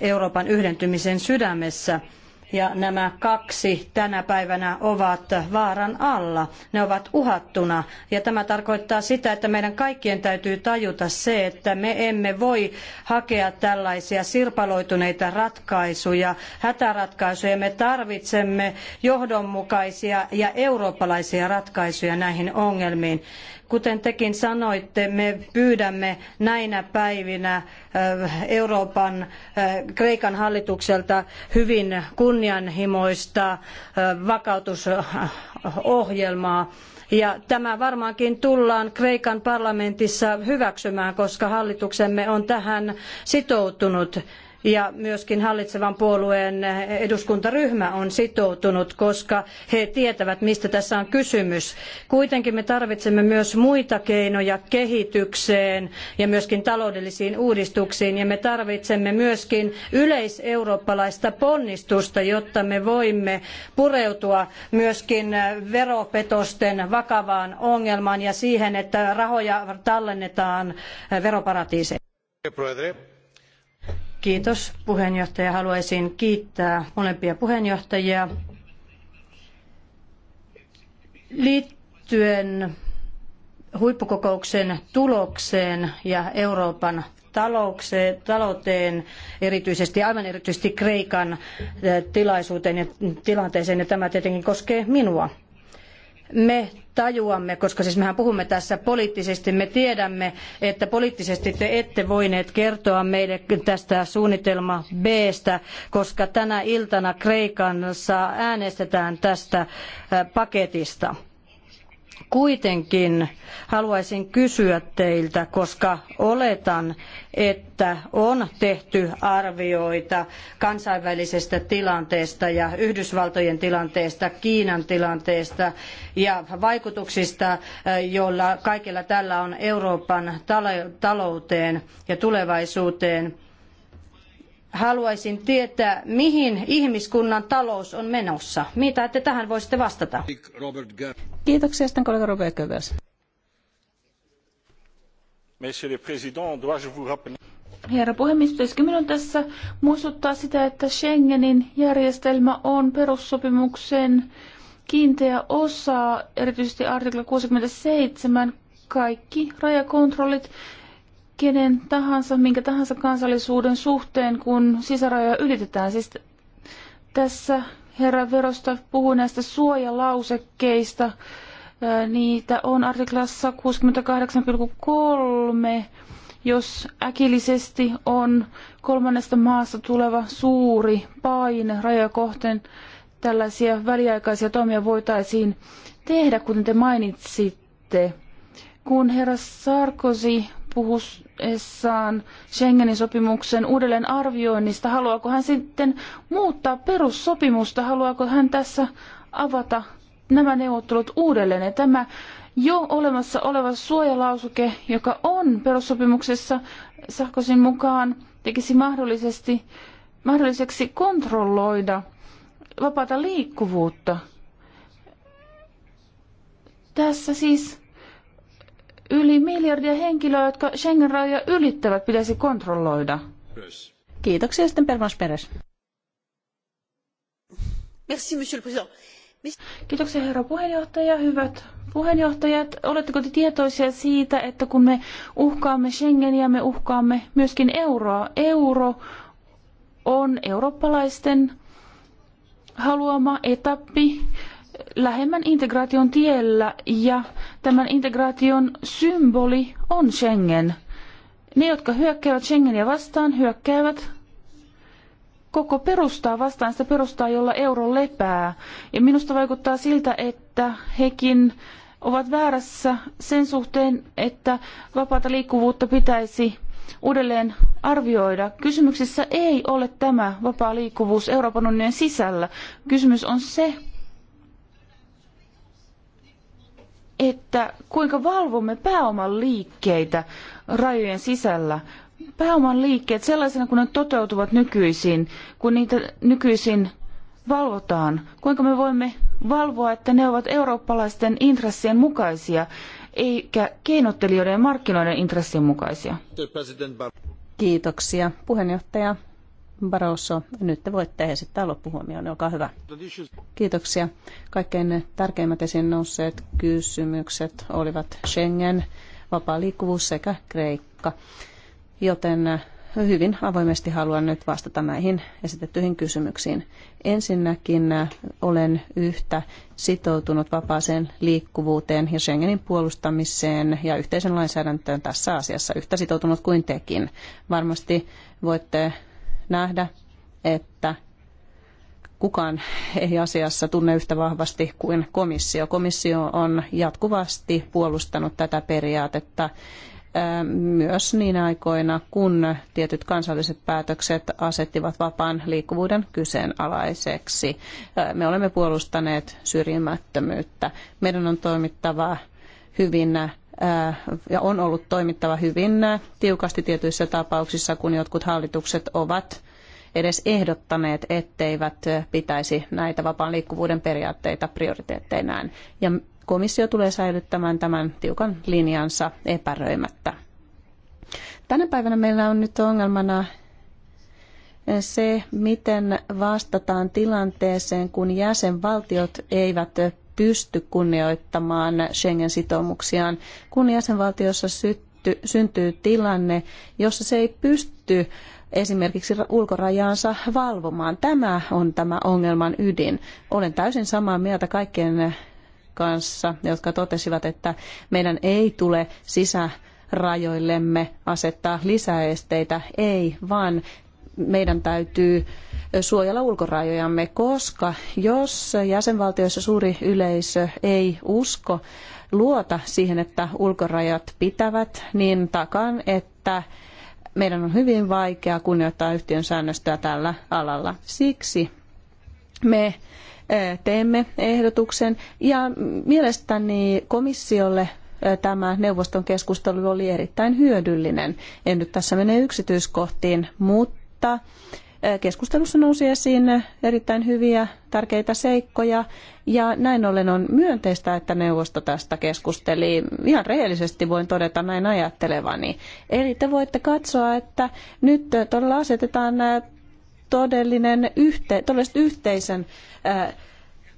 [SPEAKER 2] Euroopan yhdentymisen sydämessä ja nämä kaksi tänä päivänä ovat vaaran alla. Ne ovat uhattuna ja tämä tarkoittaa sitä, että meidän kaikkien täytyy tajuta se, että me emme voi hakea tällaisia sirpaloituneita ratkaisuja, hätäratkaisuja. Me tarvitsemme johdonmukaisia ja eurooppalaisia ratkaisuja näihin ongelmiin. Kuten tekin sanoitte, me pyydämme näinä päivinä Euroopan Kreikan hallitukselta hyvin kun kunnianhimoista vakautusohjelmaa. Ja tämä varmaankin tullaan Kreikan parlamentissa hyväksymään, koska hallituksemme on tähän sitoutunut ja myöskin hallitsevan puolueen eduskuntaryhmä on sitoutunut, koska he tietävät, mistä tässä on kysymys. Kuitenkin me tarvitsemme myös muita keinoja kehitykseen ja myöskin taloudellisiin uudistuksiin, ja me tarvitsemme myöskin yleiseurooppalaista ponnistusta, jotta me voimme pureutua myöskin veropetosten vakavaan ongelmaan ja siihen, että rahoja tallennetaan veroparatiiseihin. Kiitos puheenjohtaja. Haluaisin kiittää molempia puheenjohtajia. Liittyen huippukokouksen tulokseen ja Euroopan talouteen, erityisesti, aivan erityisesti Kreikan eh, tilaisuuteen ja tilanteeseen, ja tämä tietenkin koskee minua me tajuamme, koska siis mehän puhumme tässä poliittisesti, me tiedämme, että poliittisesti te ette voineet kertoa meille tästä suunnitelma b -stä, koska tänä iltana Kreikansa äänestetään tästä äh, paketista. Kuitenkin haluaisin kysyä teiltä, koska oletan, että on tehty arvioita kansainvälisestä tilanteesta ja Yhdysvaltojen tilanteesta, Kiinan tilanteesta ja vaikutuksista, eh, joilla kaikilla tällä on Euroopan talouteen ja tulevaisuuteen haluaisin tietää, mihin ihmiskunnan talous on menossa. Mitä te tähän voisitte vastata? Kiitoksia, sitten kollega Robert Goebbels.
[SPEAKER 1] Herra puhemies, pitäisikö
[SPEAKER 3] minun tässä muistuttaa sitä, että Schengenin järjestelmä on perussopimuksen kiinteä osa, erityisesti artikla 67, kaikki rajakontrollit kenen tahansa, minkä tahansa kansallisuuden suhteen, kun sisärajoja ylitetään. Siis tässä herra Verosta puhuu näistä suojalausekkeista. Niitä on artiklassa 68,3, jos äkillisesti on kolmannesta maasta tuleva suuri paine rajakohteen tällaisia väliaikaisia toimia voitaisiin tehdä, kuten te mainitsitte. Kun herra Sarkozy puhuessaan Schengenin sopimuksen uudelleen arvioinnista, haluaako hän sitten muuttaa perussopimusta, haluaako hän tässä avata nämä neuvottelut uudelleen. Ja tämä jo olemassa oleva suojalausuke, joka on perussopimuksessa Sahkosin mukaan, tekisi mahdollisesti, mahdolliseksi kontrolloida vapaata liikkuvuutta. Tässä siis Yli miljardia henkilöä, jotka Schengen-rajoja ylittävät, pitäisi kontrolloida.
[SPEAKER 1] Kiitoksia sitten Pervans Peres.
[SPEAKER 4] Merci, monsieur le
[SPEAKER 3] président. Kiitoksia herra puheenjohtaja. Hyvät puheenjohtajat, oletteko te tietoisia siitä, että kun me uhkaamme Schengeniä, me uhkaamme myöskin euroa. Euro on eurooppalaisten haluama etappi lähemmän integraation tiellä ja tämän integraation symboli on Schengen. Ne, jotka hyökkäävät Schengenia vastaan, hyökkäävät koko perustaa vastaan sitä perustaa, jolla euro lepää. Ja minusta vaikuttaa siltä, että hekin ovat väärässä sen suhteen, että vapaata liikkuvuutta pitäisi uudelleen arvioida. Kysymyksessä ei ole tämä vapaa liikkuvuus Euroopan unionin sisällä. Kysymys on se, että kuinka valvomme pääoman liikkeitä rajojen sisällä. Pääoman liikkeet sellaisena kuin ne toteutuvat nykyisin, kun niitä nykyisin valvotaan, kuinka me voimme valvoa, että ne ovat eurooppalaisten intressien mukaisia, eikä
[SPEAKER 1] keinottelijoiden ja markkinoiden intressien mukaisia. Kiitoksia puheenjohtaja Barroso, nyt te voitte esittää loppuhuomioon, olkaa hyvä. Kiitoksia. Kaikkein tärkeimmät esiin nousseet kysymykset olivat Schengen, vapaa liikkuvuus sekä Kreikka. Joten äh, hyvin avoimesti haluan nyt vastata näihin esitettyihin kysymyksiin. Ensinnäkin äh, olen yhtä sitoutunut vapaaseen liikkuvuuteen ja Schengenin puolustamiseen ja yhteisen lainsäädäntöön tässä asiassa yhtä sitoutunut kuin tekin. Varmasti voitte nähdä, että kukaan ei asiassa tunne yhtä vahvasti kuin komissio. Komissio on jatkuvasti puolustanut tätä periaatetta myös niin aikoina, kun tietyt kansalliset päätökset asettivat vapaan liikkuvuuden kyseenalaiseksi. Me olemme puolustaneet syrjimättömyyttä. Meidän on toimittava hyvin ja on ollut toimittava hyvin tiukasti tietyissä tapauksissa, kun jotkut hallitukset ovat edes ehdottaneet, etteivät pitäisi näitä vapaan liikkuvuuden periaatteita prioriteetteinään. Ja komissio tulee säilyttämään tämän tiukan linjansa epäröimättä. Tänä päivänä meillä on nyt ongelmana se, miten vastataan tilanteeseen, kun jäsenvaltiot eivät pysty kunnioittamaan Schengen-sitoumuksiaan, kun jäsenvaltiossa sytty, syntyy tilanne, jossa se ei pysty esimerkiksi ulkorajaansa valvomaan. Tämä on tämä ongelman ydin. Olen täysin samaa mieltä kaikkien kanssa, jotka totesivat, että meidän ei tule sisärajoillemme asettaa lisäesteitä. Ei, vaan meidän täytyy suojella ulkorajojamme, koska jos jäsenvaltioissa suuri yleisö ei usko, luota siihen, että ulkorajat pitävät, niin takaan, että meidän on hyvin vaikea kunnioittaa yhtiön säännöstöä tällä alalla. Siksi me eh, teemme ehdotuksen ja mielestäni komissiolle eh, tämä neuvoston keskustelu oli erittäin hyödyllinen. En nyt tässä mene yksityiskohtiin, mutta mutta Keskustelussa nousi esiin erittäin hyviä, tärkeitä seikkoja ja näin ollen on myönteistä, että neuvosto tästä keskusteli. Ihan rehellisesti voin todeta näin ajattelevani. Eli te voitte katsoa, että nyt todella asetetaan todellinen yhte, todelliset yhteisen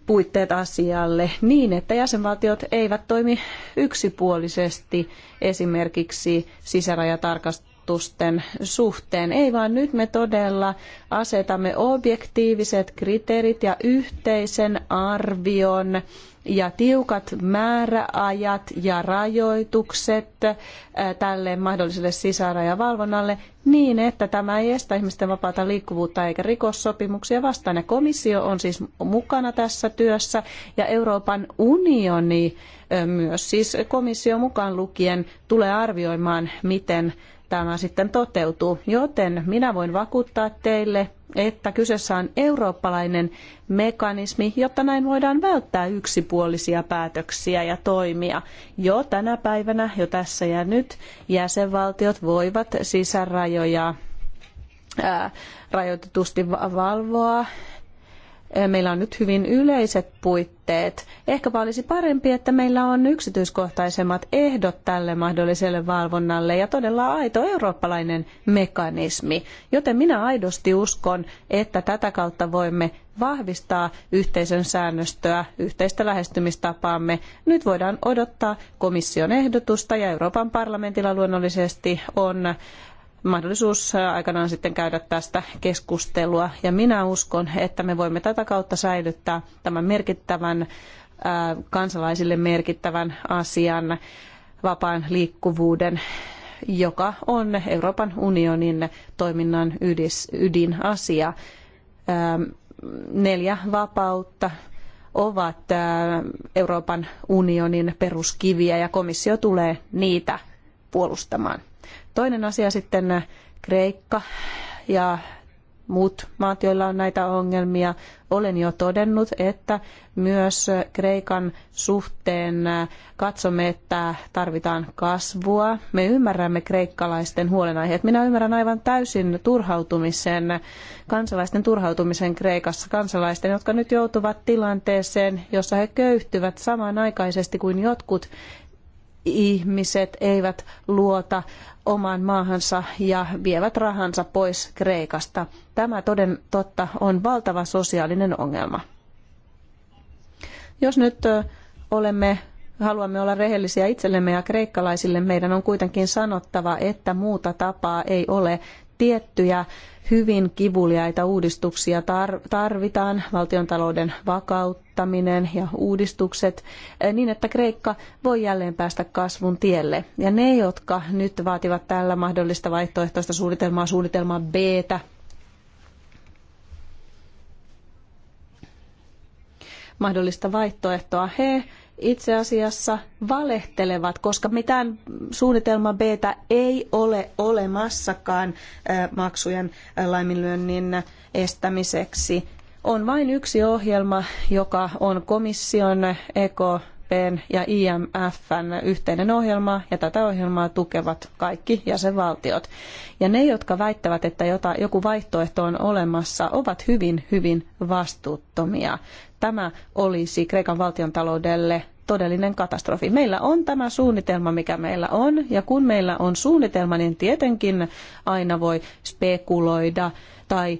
[SPEAKER 1] puitteet asialle niin, että jäsenvaltiot eivät toimi yksipuolisesti esimerkiksi sisärajatarkastuksessa verotusten suhteen. Ei vaan nyt me todella asetamme objektiiviset kriteerit ja yhteisen arvion ja tiukat määräajat ja rajoitukset äh, tälle mahdolliselle sisärajavalvonnalle niin, että tämä ei estä ihmisten vapaata liikkuvuutta eikä rikossopimuksia vastaan. Ja komissio on siis mukana tässä työssä ja Euroopan unioni myös, siis komissio mukaan lukien, tulee arvioimaan, miten tämä sitten toteutuu. Joten minä voin vakuuttaa teille, että kyseessä on eurooppalainen mekanismi, jotta näin voidaan välttää yksipuolisia päätöksiä ja toimia. Jo tänä päivänä, jo tässä ja nyt, jäsenvaltiot voivat sisärajoja ää, rajoitetusti valvoa meillä on nyt hyvin yleiset puitteet. Ehkäpä olisi parempi, että meillä on yksityiskohtaisemmat ehdot tälle mahdolliselle valvonnalle ja todella aito eurooppalainen mekanismi. Joten minä aidosti uskon, että tätä kautta voimme vahvistaa yhteisön säännöstöä, yhteistä lähestymistapaamme. Nyt voidaan odottaa komission ehdotusta ja Euroopan parlamentilla luonnollisesti on mahdollisuus aikanaan sitten käydä tästä keskustelua. Ja minä uskon, että me voimme tätä kautta säilyttää tämän merkittävän kansalaisille merkittävän asian, vapaan liikkuvuuden, joka on Euroopan unionin toiminnan ydinasia. Neljä vapautta ovat Euroopan unionin peruskiviä ja komissio tulee niitä puolustamaan. Toinen asia sitten äh, Kreikka ja muut maat, joilla on näitä ongelmia. Olen jo todennut, että myös äh, Kreikan suhteen äh, katsomme, että tarvitaan kasvua. Me ymmärrämme kreikkalaisten huolenaiheet. Minä ymmärrän aivan täysin turhautumisen, kansalaisten turhautumisen Kreikassa, kansalaisten, jotka nyt joutuvat tilanteeseen, jossa he köyhtyvät samanaikaisesti kuin jotkut ihmiset eivät luota omaan maahansa ja vievät rahansa pois Kreikasta. Tämä toden totta on valtava sosiaalinen ongelma. Jos nyt olemme haluamme olla rehellisiä itsellemme ja kreikkalaisille, meidän on kuitenkin sanottava, että muuta tapaa ei ole tiettyjä hyvin kivuliaita uudistuksia tarvitaan, valtiontalouden vakauttaminen ja uudistukset, eh, niin että Kreikka voi jälleen päästä kasvun tielle. Ja ne, jotka nyt vaativat tällä mahdollista vaihtoehtoista suunnitelmaa, suunnitelma b mahdollista vaihtoehtoa, he itse asiassa valehtelevat, koska mitään suunnitelma b ei ole olemassakaan maksujen laiminlyönnin estämiseksi. On vain yksi ohjelma, joka on komission EKPn ja IMFn yhteinen ohjelma ja tätä ohjelmaa tukevat kaikki jäsenvaltiot. Ja ne, jotka väittävät, että jota, joku vaihtoehto on olemassa, ovat hyvin, hyvin vastuuttomia. Tämä olisi Kreikan valtiontaloudelle todellinen katastrofi. Meillä on tämä suunnitelma, mikä meillä on, ja kun meillä on suunnitelma, niin tietenkin aina voi spekuloida tai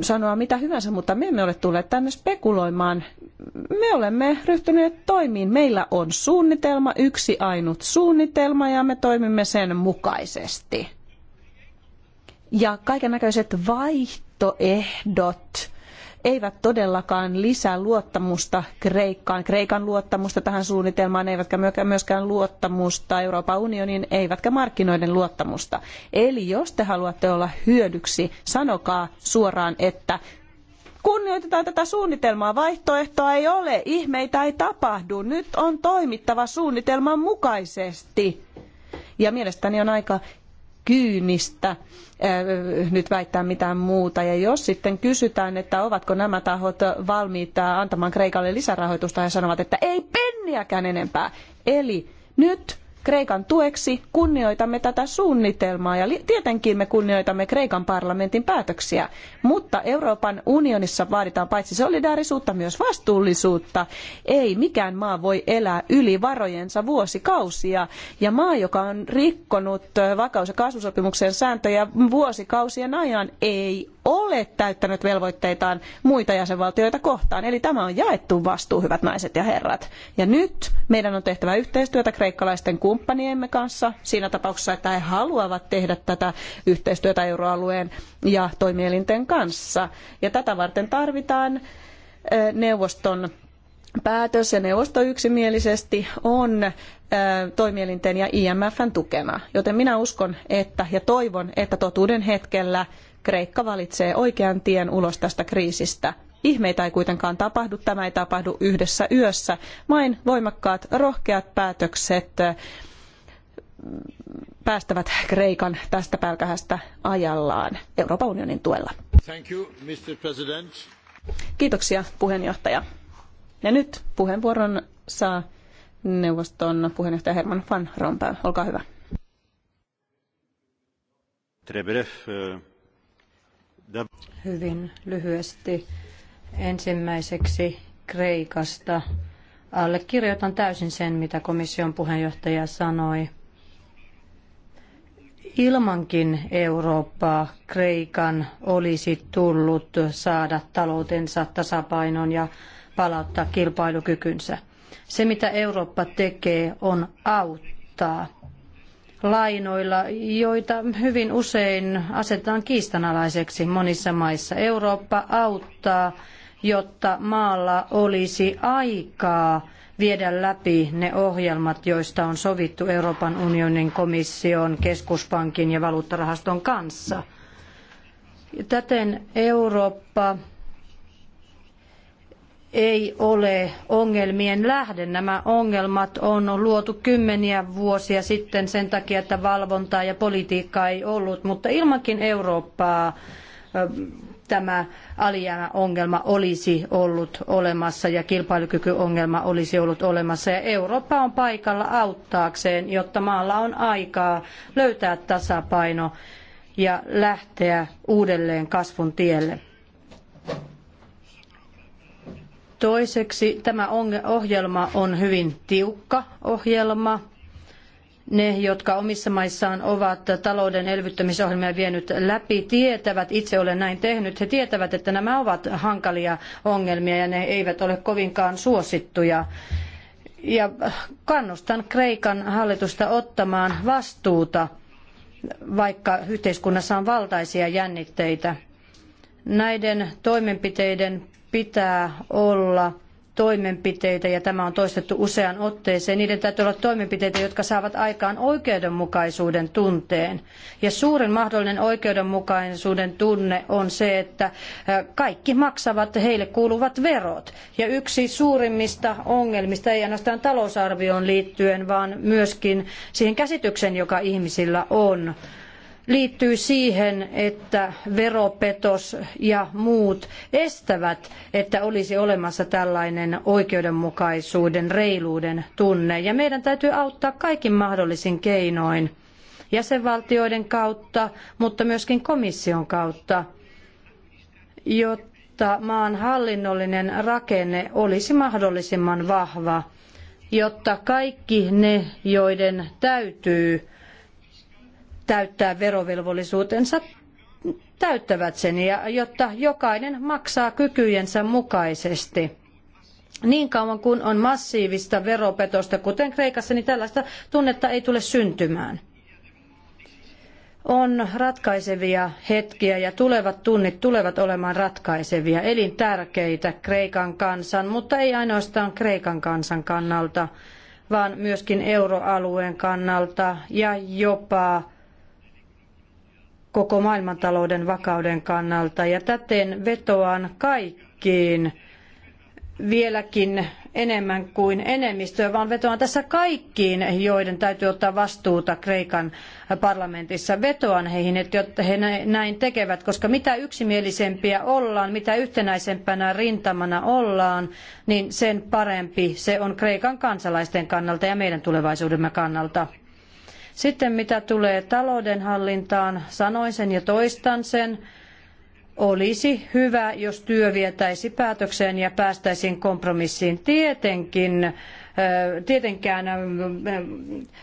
[SPEAKER 1] sanoa mitä hyvänsä, mutta me emme ole tulleet tänne spekuloimaan. Me olemme ryhtyneet toimiin. Meillä on suunnitelma, yksi ainut suunnitelma ja me toimimme sen mukaisesti. Ja kaiken näköiset vaihtoehdot eivät todellakaan lisää luottamusta Kreikkaan, Kreikan luottamusta tähän suunnitelmaan, eivätkä myöskään luottamusta Euroopan unionin, eivätkä markkinoiden luottamusta. Eli jos te haluatte olla hyödyksi, sanokaa suoraan, että Kunnioitetaan tätä suunnitelmaa. Vaihtoehtoa ei ole. Ihmeitä ei tapahdu. Nyt on toimittava suunnitelman mukaisesti. Ja mielestäni on aika kyynistä äh, nyt väittää mitään muuta. Ja jos sitten kysytään, että ovatko nämä tahot valmiit äh, antamaan Kreikalle lisärahoitusta, he sanovat, että ei penniäkään enempää. Eli nyt Kreikan tueksi kunnioitamme tätä suunnitelmaa ja tietenkin me kunnioitamme Kreikan parlamentin päätöksiä, mutta Euroopan unionissa vaaditaan paitsi solidaarisuutta myös vastuullisuutta. Ei mikään maa voi elää yli varojensa vuosikausia ja maa, joka on rikkonut vakaus- ja kasvusopimuksen sääntöjä vuosikausien ajan, ei ole täyttänyt velvoitteitaan muita jäsenvaltioita kohtaan. Eli tämä on jaettu vastuu, hyvät naiset ja herrat. Ja nyt meidän on tehtävä yhteistyötä kreikkalaisten kumppaniemme kanssa siinä tapauksessa, että he haluavat tehdä tätä yhteistyötä euroalueen ja toimielinten kanssa. Ja tätä varten tarvitaan neuvoston päätös ja neuvosto yksimielisesti on toimielinten ja IMFn tukena. Joten minä uskon että ja toivon, että totuuden hetkellä Kreikka valitsee oikean tien ulos tästä kriisistä. Ihmeitä ei kuitenkaan tapahdu, tämä ei tapahdu yhdessä yössä. Vain voimakkaat, rohkeat päätökset päästävät Kreikan tästä pälkähästä ajallaan Euroopan unionin tuella. Thank you, Mr. President. Kiitoksia puheenjohtaja. Ja nyt puheenvuoron saa neuvoston puheenjohtaja Herman van
[SPEAKER 2] Rompuy. Olkaa hyvä. bref, euh, Hyvin lyhyesti. Ensimmäiseksi Kreikasta. Allekirjoitan täysin sen, mitä komission puheenjohtaja sanoi. Ilmankin Eurooppaa Kreikan olisi tullut saada taloutensa tasapainon ja palauttaa kilpailukykynsä. Se, mitä Eurooppa tekee, on auttaa lainoilla, joita hyvin usein asetetaan kiistanalaiseksi monissa maissa. Eurooppa auttaa, jotta maalla olisi aikaa viedä läpi ne ohjelmat, joista on sovittu Euroopan unionin komission, keskuspankin ja valuuttarahaston kanssa. Täten Eurooppa ei ole ongelmien lähde. Nämä ongelmat on luotu kymmeniä vuosia sitten sen takia, että valvontaa ja politiikkaa ei ollut, mutta ilmankin Eurooppaa tämä alijäämäongelma olisi ollut olemassa ja kilpailukykyongelma olisi ollut olemassa. Ja Eurooppa on paikalla auttaakseen, jotta maalla on aikaa löytää tasapaino ja lähteä uudelleen kasvun tielle Toiseksi tämä ohjelma on hyvin tiukka ohjelma. Ne, jotka omissa maissaan ovat talouden elvyttämisohjelmia vienyt läpi, tietävät, itse olen näin tehnyt, he tietävät, että nämä ovat hankalia ongelmia ja ne eivät ole kovinkaan suosittuja. Ja kannustan Kreikan hallitusta ottamaan vastuuta, vaikka yhteiskunnassa on valtaisia jännitteitä. Näiden toimenpiteiden pitää olla toimenpiteitä, ja tämä on toistettu useaan otteeseen, niiden täytyy olla toimenpiteitä, jotka saavat aikaan oikeudenmukaisuuden tunteen. Ja suurin mahdollinen oikeudenmukaisuuden tunne on se, että äh, kaikki maksavat heille kuuluvat verot. Ja yksi suurimmista ongelmista, ei ainoastaan talousarvioon liittyen, vaan myöskin siihen käsitykseen, joka ihmisillä on liittyy siihen, että veropetos ja muut estävät, että olisi olemassa tällainen oikeudenmukaisuuden, reiluuden tunne. Ja meidän täytyy auttaa kaikin mahdollisin keinoin jäsenvaltioiden kautta, mutta myöskin komission kautta, jotta maan hallinnollinen rakenne olisi mahdollisimman vahva, jotta kaikki ne, joiden täytyy täyttää verovelvollisuutensa, täyttävät sen, ja jotta jokainen maksaa kykyjensä mukaisesti. Niin kauan kuin on massiivista veropetosta, kuten Kreikassa, niin tällaista tunnetta ei tule syntymään on ratkaisevia hetkiä ja tulevat tunnit tulevat olemaan ratkaisevia, elintärkeitä Kreikan kansan, mutta ei ainoastaan Kreikan kansan kannalta, vaan myöskin euroalueen kannalta ja jopa koko maailmantalouden vakauden kannalta. Ja täten vetoan kaikkiin vieläkin enemmän kuin enemmistöä, vaan vetoan tässä kaikkiin, joiden täytyy ottaa vastuuta Kreikan parlamentissa. Vetoan heihin, että jotta he näin tekevät, koska mitä yksimielisempiä ollaan, mitä yhtenäisempänä rintamana ollaan, niin sen parempi se on Kreikan kansalaisten kannalta ja meidän tulevaisuudemme kannalta. Sitten mitä tulee taloudenhallintaan, sanoin sen ja toistan sen, olisi hyvä, jos työ vietäisi päätökseen ja päästäisiin kompromissiin. Tietenkin, tietenkään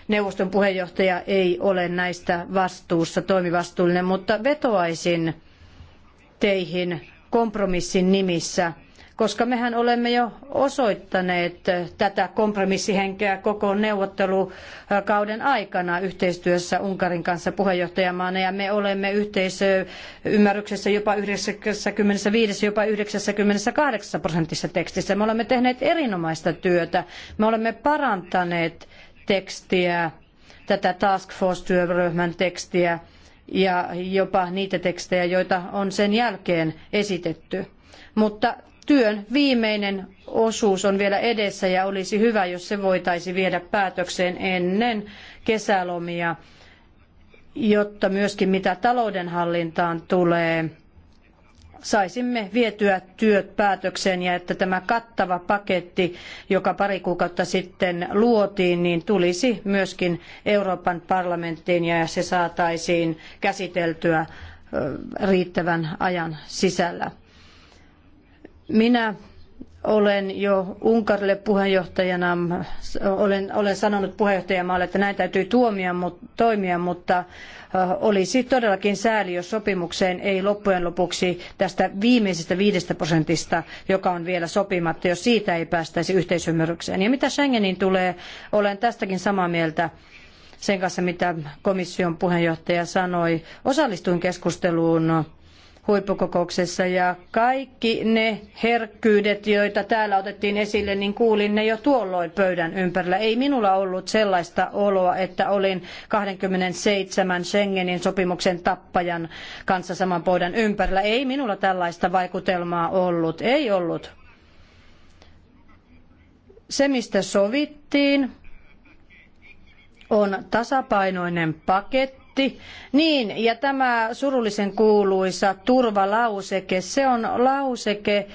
[SPEAKER 2] neuvoston puheenjohtaja ei ole näistä vastuussa toimivastuullinen, mutta vetoaisin teihin kompromissin nimissä – koska mehän olemme jo osoittaneet tätä kompromissihenkeä koko neuvottelukauden aikana yhteistyössä Unkarin kanssa puheenjohtajamaana ja me olemme yhteisymmärryksessä jopa 95 jopa 98 prosentissa tekstissä. Me olemme tehneet erinomaista työtä. Me olemme parantaneet tekstiä, tätä task force-työryhmän tekstiä ja jopa niitä tekstejä, joita on sen jälkeen esitetty. Mutta työn viimeinen osuus on vielä edessä ja olisi hyvä, jos se voitaisiin viedä päätökseen ennen kesälomia, jotta myöskin mitä taloudenhallintaan tulee, saisimme vietyä työt päätökseen ja että tämä kattava paketti, joka pari kuukautta sitten luotiin, niin tulisi myöskin Euroopan parlamenttiin ja se saataisiin käsiteltyä riittävän ajan sisällä. Minä olen jo Unkarille puheenjohtajana, olen, olen sanonut puheenjohtajamaalle, että näin täytyy tuomia, mutta toimia, mutta äh, olisi todellakin sääli, jos sopimukseen ei loppujen lopuksi tästä viimeisestä viidestä prosentista, joka on vielä sopimatta, jos siitä ei päästäisi yhteisymmärrykseen. Ja mitä Schengenin tulee, olen tästäkin samaa mieltä sen kanssa, mitä komission puheenjohtaja sanoi. Osallistuin keskusteluun huippukokouksessa ja kaikki ne herkkyydet, joita täällä otettiin esille, niin kuulin ne jo tuolloin pöydän ympärillä. Ei minulla ollut sellaista oloa, että olin 27 Schengenin sopimuksen tappajan kanssa saman pöydän ympärillä. Ei minulla tällaista vaikutelmaa ollut. Ei ollut. Se, mistä sovittiin, on tasapainoinen paketti Antti. Niin, ja tämä surullisen kuuluisa turvalauseke, se on lauseke,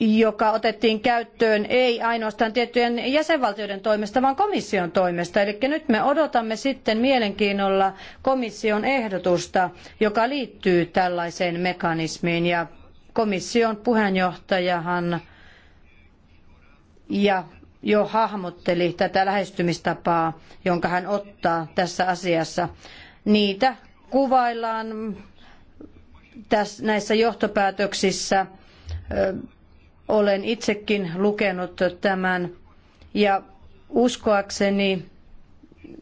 [SPEAKER 2] joka otettiin käyttöön ei ainoastaan tiettyjen jäsenvaltioiden toimesta, vaan komission toimesta. Eli nyt me odotamme sitten mielenkiinnolla komission ehdotusta, joka liittyy tällaiseen mekanismiin. Ja komission puheenjohtajahan ja jo hahmotteli tätä lähestymistapaa, jonka hän ottaa tässä asiassa. Niitä kuvaillaan tässä, näissä johtopäätöksissä. Olen itsekin lukenut tämän ja uskoakseni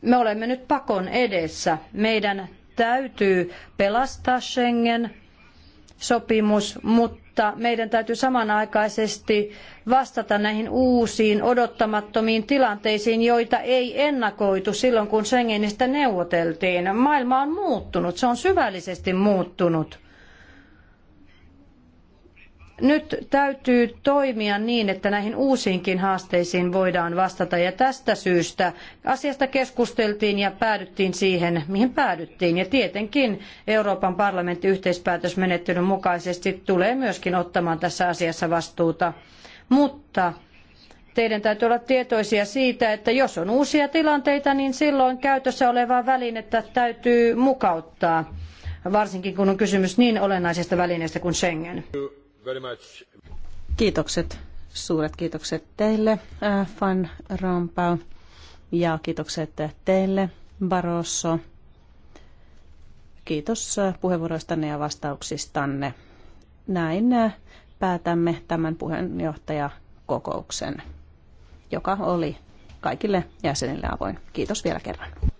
[SPEAKER 2] me olemme nyt pakon edessä. Meidän täytyy pelastaa Schengen-sopimus, mutta mutta meidän täytyy samanaikaisesti vastata näihin uusiin odottamattomiin tilanteisiin, joita ei ennakoitu silloin, kun Schengenistä neuvoteltiin. Maailma on muuttunut, se on syvällisesti muuttunut. Nyt täytyy toimia niin, että näihin uusiinkin haasteisiin voidaan vastata ja tästä syystä asiasta keskusteltiin ja päädyttiin siihen, mihin päädyttiin. Ja tietenkin Euroopan parlamentti yhteispäätösmenettelyn mukaisesti tulee myöskin ottamaan tässä asiassa vastuuta. Mutta teidän täytyy olla tietoisia siitä, että jos on uusia tilanteita, niin silloin käytössä olevaa välinettä täytyy mukauttaa, varsinkin kun on kysymys niin olennaisesta välineestä kuin Schengen. Kiitokset, suuret kiitokset teille, äh, Van Rompuy,
[SPEAKER 1] ja kiitokset teille, Barroso. Kiitos äh, puheenvuoroistanne ja vastauksistanne. Näin äh, päätämme tämän puheenjohtajakokouksen, joka oli kaikille jäsenille
[SPEAKER 2] avoin. Kiitos vielä kerran.